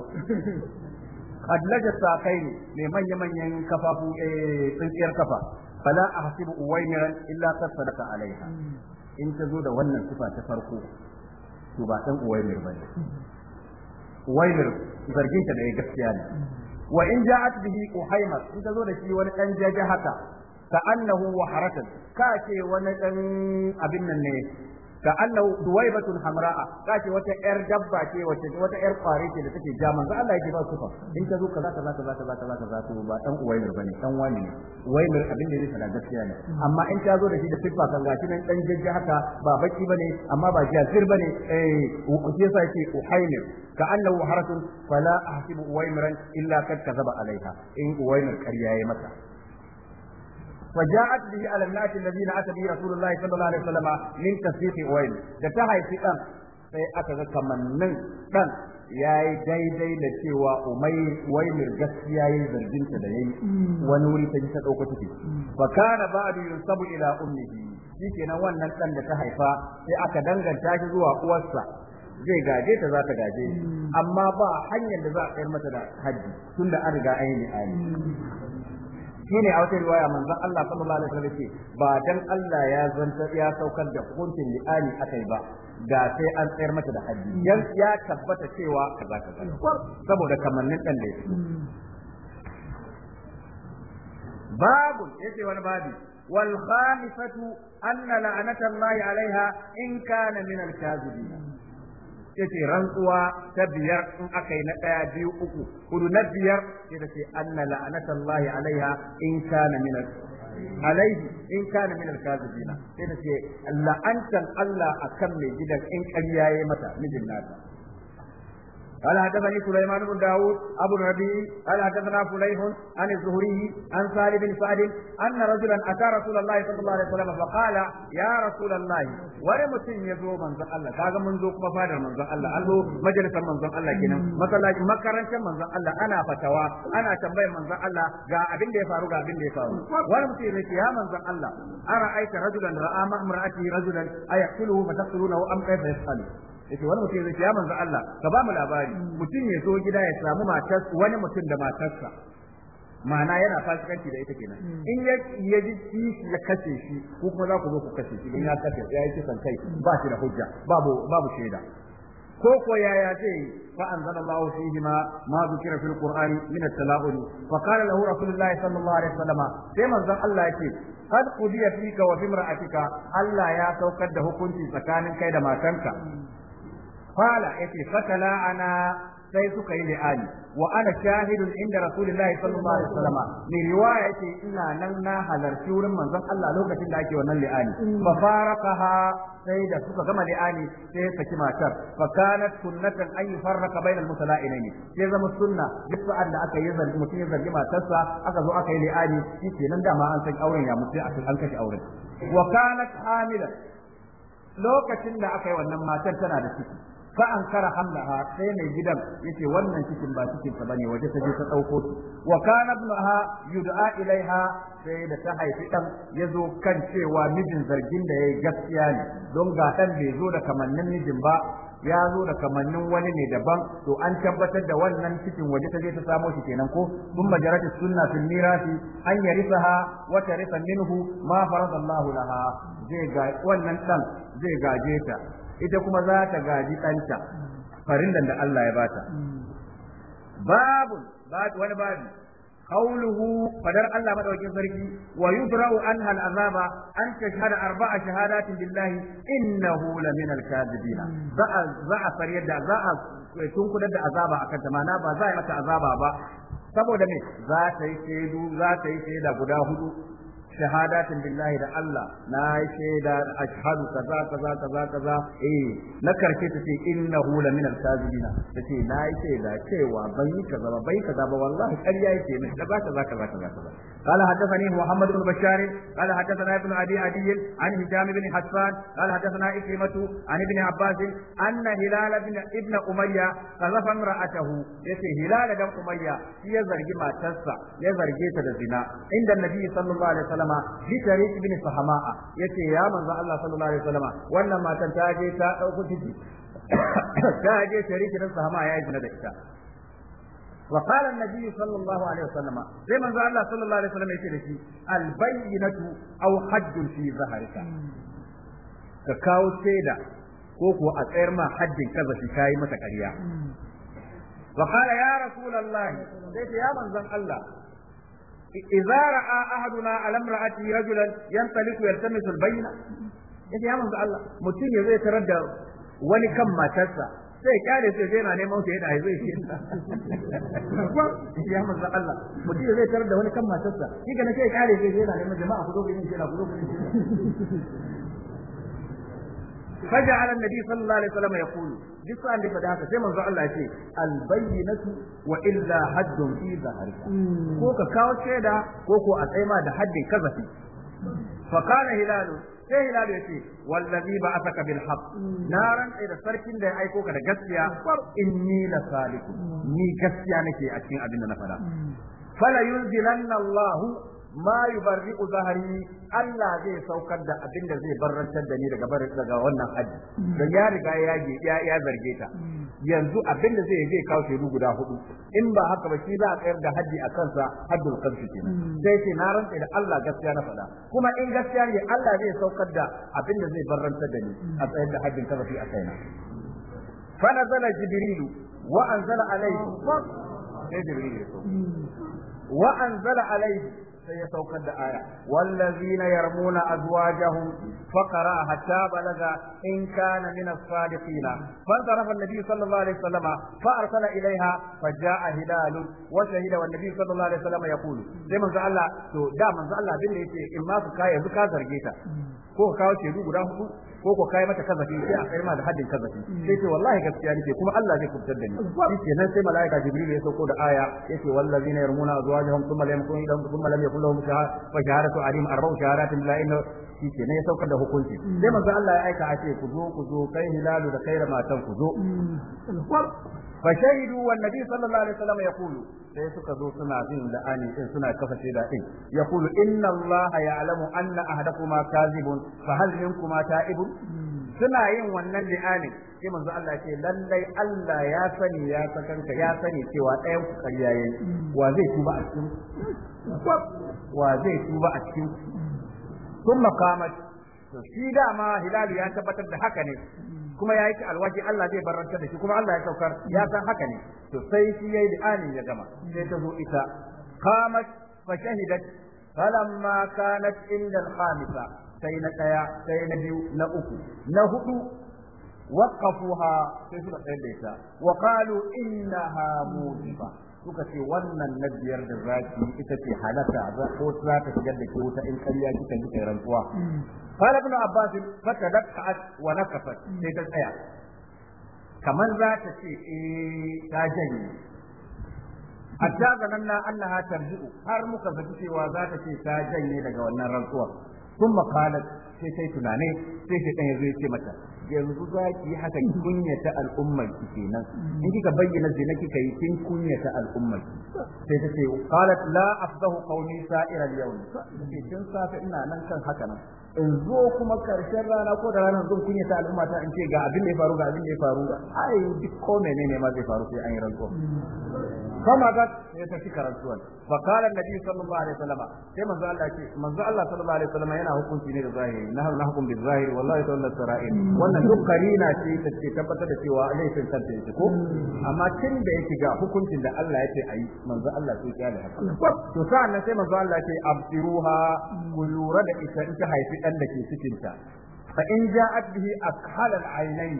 adlaja sakaini mai manya manyan kafafu eh tsinkiyar kafa fala ahsibu uwaimiran illa sassa sadaqa alaiha in ta zo da wannan sifa ta farko to ba dan uwaimir bane uwaimir zargin ta da gaskiya ne wa in ja'at bihi uhaymar in ta zo da shi wani dan jaje haka ka annahu waharatan ka ce wani abin nan ne ka annahu duwaibatun hamra'a ka ce wata yar dabba ce wata yar kwari ce da take ja manzo Allah yake ba su fa in ka zo kaza kaza kaza kaza kaza kaza to ba dan uwaimir wani ne uwaimir abin da yake da gaskiya ne amma in ta zo da shi da siffa kan gashi nan dan jajja haka ba baki bane amma ba jazir bane eh ka annahu haratun fala ahsibu uwaimiran illa kad kazaba alaiha in mata فجاءت به على الناس الذين اتى به رسول الله صلى الله عليه وسلم من تصديق da ta haifi dan sai aka ga kamannin dan yi daidai da cewa umai waimir gaskiya yayi zargin ta da yayi wani wuri ta ji ta ɗauka ciki. fa kana ba'du yunsabu ila ummihi shikenan wannan dan da ta haifa sai aka danganta shi zuwa uwarsa zai gaje ta za ta gaje amma ba hanyar da za a tsayar mata da tun da an riga an shine a wata riwaya manzon Allah sallallahu alaihi wasallam ce ba dan Allah ya zanta ya saukar da hukuncin li'ani akai ba da sai an tsayar mata da haddi yan ya tabbata cewa kaza kaza saboda kamannin dan da yake babu yace wani babu, wal khamisatu anna la'anata Allah alaiha in kana min al-kazibin yace rantsuwa ta biyar in aka yi na ɗaya biyu uku hudu na biyar sai da ce anna la'anatullahi alaiha in kana min alaihi in kana min kazibina sai da ce la'antan Allah akan mai gidan in ƙarya yayi mata mijin nata قال حدثني سليمان بن داود أبو الربيع قال حدثنا فليح عن الزهري عن سالم بن سعد أن رجلا أتى رسول الله صلى الله عليه وسلم فقال يا رسول الله ورمتين يزو منزل الله كاغا منزو كما فادر منزل الله ألو مجلس منزل الله كنا مثلا مكرنش منزل الله أنا فتوى أنا تنبي منزل الله غا أبن دي فارو غا أبن دي فارو ورمتين يا منزل الله أرأيت رجلا رأى مع امرأته رجلا أيقتله فتقتلونه أم كيف يفعل yace wani mutum zai ce ya manzo Allah ka ba mu labari mutum ya zo gida ya samu matar wani mutum da matarsa ma'ana yana fasikanci da ita kenan hmm. in ya ya ji shi ya kashe shi ko kuma za ku zo ku kashe shi in ya kashe ya yi kisan kai ba shi da hujja babu babu shaida ko ko yaya zai yi fa anzalallahu fihi ma ma zikira fil qur'ani min at-tala'un fa qala lahu rasulullahi sallallahu alaihi wasallam sai manzon Allah yake qad qudiya fika wa fi imra'atika Allah ya saukar da hukunci tsakanin kai da matanka hmm. qala yace fatala na sai suka yi li'ani wa ana shahidun inda rasulullahi sallallahu alaihi wasallam ne riwaya yace ina nan na halarci wurin manzon Allah lokacin da ake wannan li'ani mm. fa faraqaha sai da suka gama li'ani sai saki matar fa kanat sunnatan an yufarraqa bainal mutala'inaini sai zama sunna duk sa'an da aka yi zargi mutum ya zargi matarsa aka zo aka yi li'ani shi nan dama an san auren ya mutu an kashe auren wa kanat hamila lokacin da aka yi wannan matar tana da ciki fa an kara hamlaha sai mai gidan yace wannan cikin ba cikin ta bane waje ta je ta dauko su wa kana ibnaha yud'a ilaiha sai da ta haifi dan yazo kan cewa mijin zargin da yayi gaskiya ne don ga dan bai zo da kamannin mijin ba ya zo da kamannin wani ne daban to an tabbatar da wannan cikin waje ta je ta samo shi kenan ko sun majarati sunna fil mirasi an yarisaha wa tarifa minhu ma faradallahu laha zai ga wannan dan zai gaje ta ita kuma za ta gaji ɗanta farin da Allah ya bata. Babu, babu wani babu, kauluhu fadar Allah madaukin sarki wa yubra'u an hal azaba an tashhada arba'a shahadatin billahi innahu lamin alkazibina za a za a fari da za a tunkudar da azaba akan ta mana ba za a yi mata azaba ba saboda me za ta yi shaidu za ta yi guda hudu shahadatin billahi da Allah na shaida ashhadu kaza kaza kaza kaza eh na karshe ta ce innahu la min al-kazibina tace na shaida cewa ban yi kaza ba bai kaza ba wallahi ƙarya yake min kaza kaza kaza kaza kaza قال حدثني محمد بن بشار قال حدثنا ابن ابي عدي عن هشام بن حسان قال حدثنا إكرمة عن ابن عباس ان هلال بن ابن اميه قذف امراته يتي هلال بن اميه يزرج ما تسع يزرج عند النبي صلى الله عليه وسلم sallama bi tariq ibn sahama'a yace ya manzo Allah sallallahu alaihi wasallama wannan matan ta je ta dauko ciki ta je tariq ibn sahama'a ya yi da ita wa qala annabi sallallahu alaihi wasallama sai manzo Allah sallallahu ko kuwa a tsayar ma hajjin kaza shi kayi masa hmm. ya rasulullahi idza ra'a ahaduna alam ra'ati rajulan yantaliku yaltamisu albayna yace ya manzo Allah mutum ya zai tarar da wani kan matarsa sai kyale sai zai neman sai yana zai shi ya manzo Allah mutum ya zai tarar da wani kan matarsa shi ga na kyale sai zai neman jama'a na فجعل النبي صلى الله عليه وسلم يقول جسوا عندي فداك سيما زعل الله شيء البينة وإلا حد في ظهرك كوكا كاو شيدا كوكو أتعيما دا حد كذفي فقال هلال sai hilal ya ce wallazi ba a saka haqq na rantsa da sarkin da ya aiko ka da gaskiya in la salikun ni gaskiya nake a cikin abin da na fada fala ma yubarri'u zahari Allah zai saukar da abin da zai barrantar da ni daga barin daga wannan haji mm. dan ya riga ya ya ya zarge ta mm. yanzu abin da zai zai kawo shedu guda hudu in ba haka ba shi za a tsayar da haji a kansa haddul kansu ke mm. sai ce na rantsa da Allah gaskiya na faɗa kuma in gaskiya ne Allah zai saukar da abin da zai barrantar da ni a tsayar da ta rafi a kaina fa nazala jibrilu wa anzala alayhi oh, sai jibril ya so wa anzala alayhi sai ya saukar da aya wallazina yarmuna azwajahum faqara hatta balaga in kana min as sadiqina fa tarafa an-nabi sallallahu alaihi wasallam fa arsala ilaiha fa jaa hilal wa shahida wa an-nabi sallallahu alaihi wasallam yaqulu sai manzo Allah to da manzo Allah din da yake in ma su kai yanzu ka zarge ta ko ka kawo shedu guda hudu ko ko kai mata kazafi sai a kai ma da haddin kazafi sai ce wallahi gaskiya nake kuma Allah zai kubutar da ni shi nan sai malaika jibril ya sauko da aya yace wallazina yarmuna azwajahum thumma lam yakun lahum thumma lam yakun lahum shahadatu alim arba'u shahadatin la inna shi ke ne ya saukar da hukunci sai manzo Allah ya aika a ce ku zo ku zo kai hilalu da kai matan ku zo mm. fashahidu wan nabi sallallahu alaihi wasallam yaqulu sai suka zo suna bin la'ani din suna kafa shaida din yaqulu inna allaha ya'lamu anna ahadakuma kazibun fa hal minkuma ta'ibun suna yin wannan li'ani sai manzo Allah ce lallai Allah ya sani ya sakanka ya sani cewa ɗayan ku ƙarya yayi wa zai tuba a cikin wa zai tuba a cikin kuma qamat shi dama hilalu ya tabbatar da haka ne kuma ya yi alwashi Allah zai barranta da shi kuma Allah ya saukar ya san haka ne to sai shi yayi da ya gama sai ta zo ita qamat fa shahidat falamma kanat inda al-khamisa sai na daya sai na biyu na uku na hudu waqafuha sai suka tsaya da ita wa qalu innaha mudifa suka ce wannan na biyar da yi ita ce halaka za ko za ta shigar da ke wuta in kariya kika yi kai rantsuwa fara ibn abbas fatadaqqat wa nakafat sai ta tsaya kamar za ta ce eh ta janye hatta Allah annaha tarji'u har muka fadi cewa za ta ce ta janye daga wannan rantsuwa kuma قالت sai kai tunane sai shi ɗan yazo ya ce mata yanzu za ki yi haka kunyata al'ummar ki kenan in kika bayyana zina kika yi kin kunyata al'umma ki sai ta ce qalat la afdahu qawmi sa'ira al-yawm sai kin safa ina nan kan haka nan in zo kuma karshen rana ko da rana zo kun yi ta al'umma ta in ce ga abin da ya faru ga abin da ya faru ai duk ko menene ma zai faru sai an yi rantsuwa fama ga ya tafi karantuwan fa kala annabi sallallahu alaihi wasallam sai manzo Allah ce manzo Allah sallallahu alaihi wasallam yana hukunci ne da zahiri na na hukum bil zahiri wallahi ta'ala sara'in wannan duk karina ce ta ce tabbatar da cewa laifin kanta yake ko amma tun da yake ga hukuncin da Allah ya ce ayi manzo Allah sai ya da haka to sa'an sai manzo Allah ce absiruha ku lura da ita ita haifi ɗan da ke cikinta fa in ja'at bihi akhal al-aynayn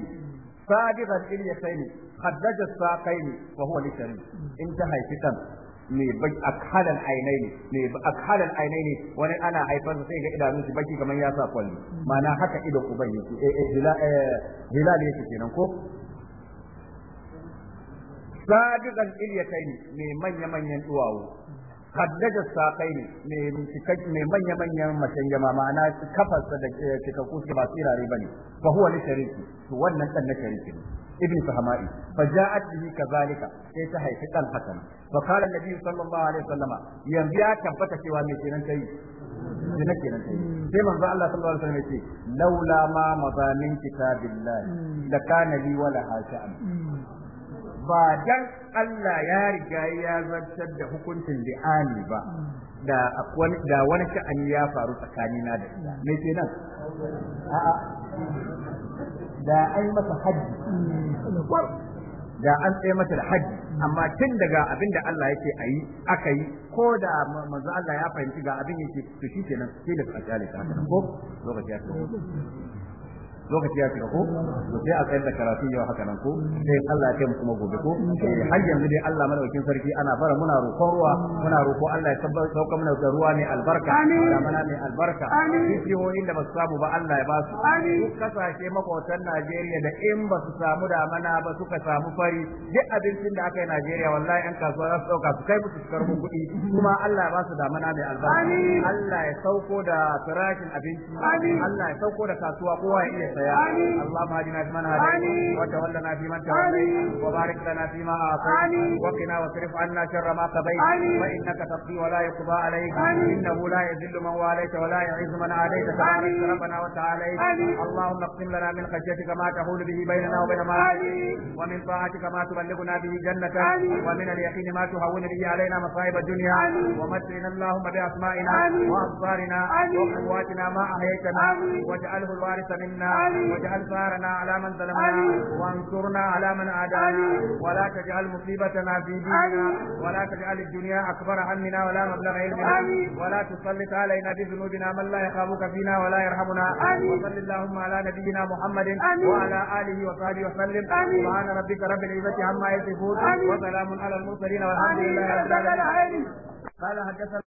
sadiqan ilyatayn khaddaj as-saqayn wa huwa lishari in ta haifi kan mai bai akhal al-aynayn mai akhal al-aynayn wani ana haifar sai ga idanun shi baki kamar ya sa kwalli mana haka idon uban yake eh eh hilal eh, yake kenan ko sadiqan ilyatayn me manya manyan duwawo haddaja sakai ne mai manya manyan macen jama ma'ana kafarsa da cikakku suke ba sirare bane fa huwa li shariki to wannan dan na shariki ابن فهمائي فجاءت به كذلك sai ta haifi dan hakan fa qala annabi sallallahu alaihi wasallama yanzu ya tabbata cewa me kenan kai ne kenan nan kai sai manzo Allah sallallahu alaihi wasallam yace laula ma mazamin kitabillah la kana li wala hasha'an ba dan Allah ya riga ya zartar da hukuncin li'ani ba da wani da wani sha'ani ya faru tsakanina da ita me kenan a'a da ai masa haji da an tsaye mata da haji amma tun daga abin da Allah yake a yi aka yi ko da manzo Allah ya fahimci ga abin yake to shi kenan sai da a ta ko lokaci ya lokaci ya shiga ko to sai a tsayar da karatu yau haka nan ko sai Allah ya taimaka kuma gobe ko eh, har yanzu dai Allah madaukakin sarki ana fara, muna roƙon ruwa muna roƙo Allah ya tabbar sauka mana da ruwa ne albarka da mana ne albarka jihohin da ba su samu ba Allah ya ba su duk kasashe makwatan Najeriya da in ba su samu da mana ba suka samu fari duk abincin da aka yi Najeriya wallahi an kasuwa za su dauka su kai musu karbo kuɗi kuma Allah ya ba su da mana ne albarka Allah ya sauko da farashin abinci Allah ya sauko da kasuwa kowa ya iya يا رب اللهم في من هديت وتولنا في من توليت وبارك لنا فيما اعطيت وقنا واصرف عنا شر ما قضيت وإنك تقضي ولا يقضى عليك انه لا يذل من واليت ولا يعز من عاديت تعالي ربنا وتعالي اللهم اقسم لنا من خشيتك ما تحول به بيننا وبين ما ومن طاعتك ما تبلغنا به جنتك ومن اليقين ما تهون به علينا مصائب الدنيا ومتعنا اللهم باسمائنا وابصارنا وقواتنا ما احييتنا واجعله الوارث منا واجعل ثارنا على من ظلمنا وانصرنا على من عادانا ولا تجعل مصيبتنا في ديننا ولا تجعل الدنيا أكبر همنا ولا مبلغ علمنا ولا تسلط علينا بذنوبنا من لا يخافك فينا ولا يرحمنا وصل اللهم على نبينا محمد وعلى آله وصحبه وسلم سبحان ربك رب العزة عما يصفون وسلام على المرسلين والحمد لله رب العالمين قال حدثنا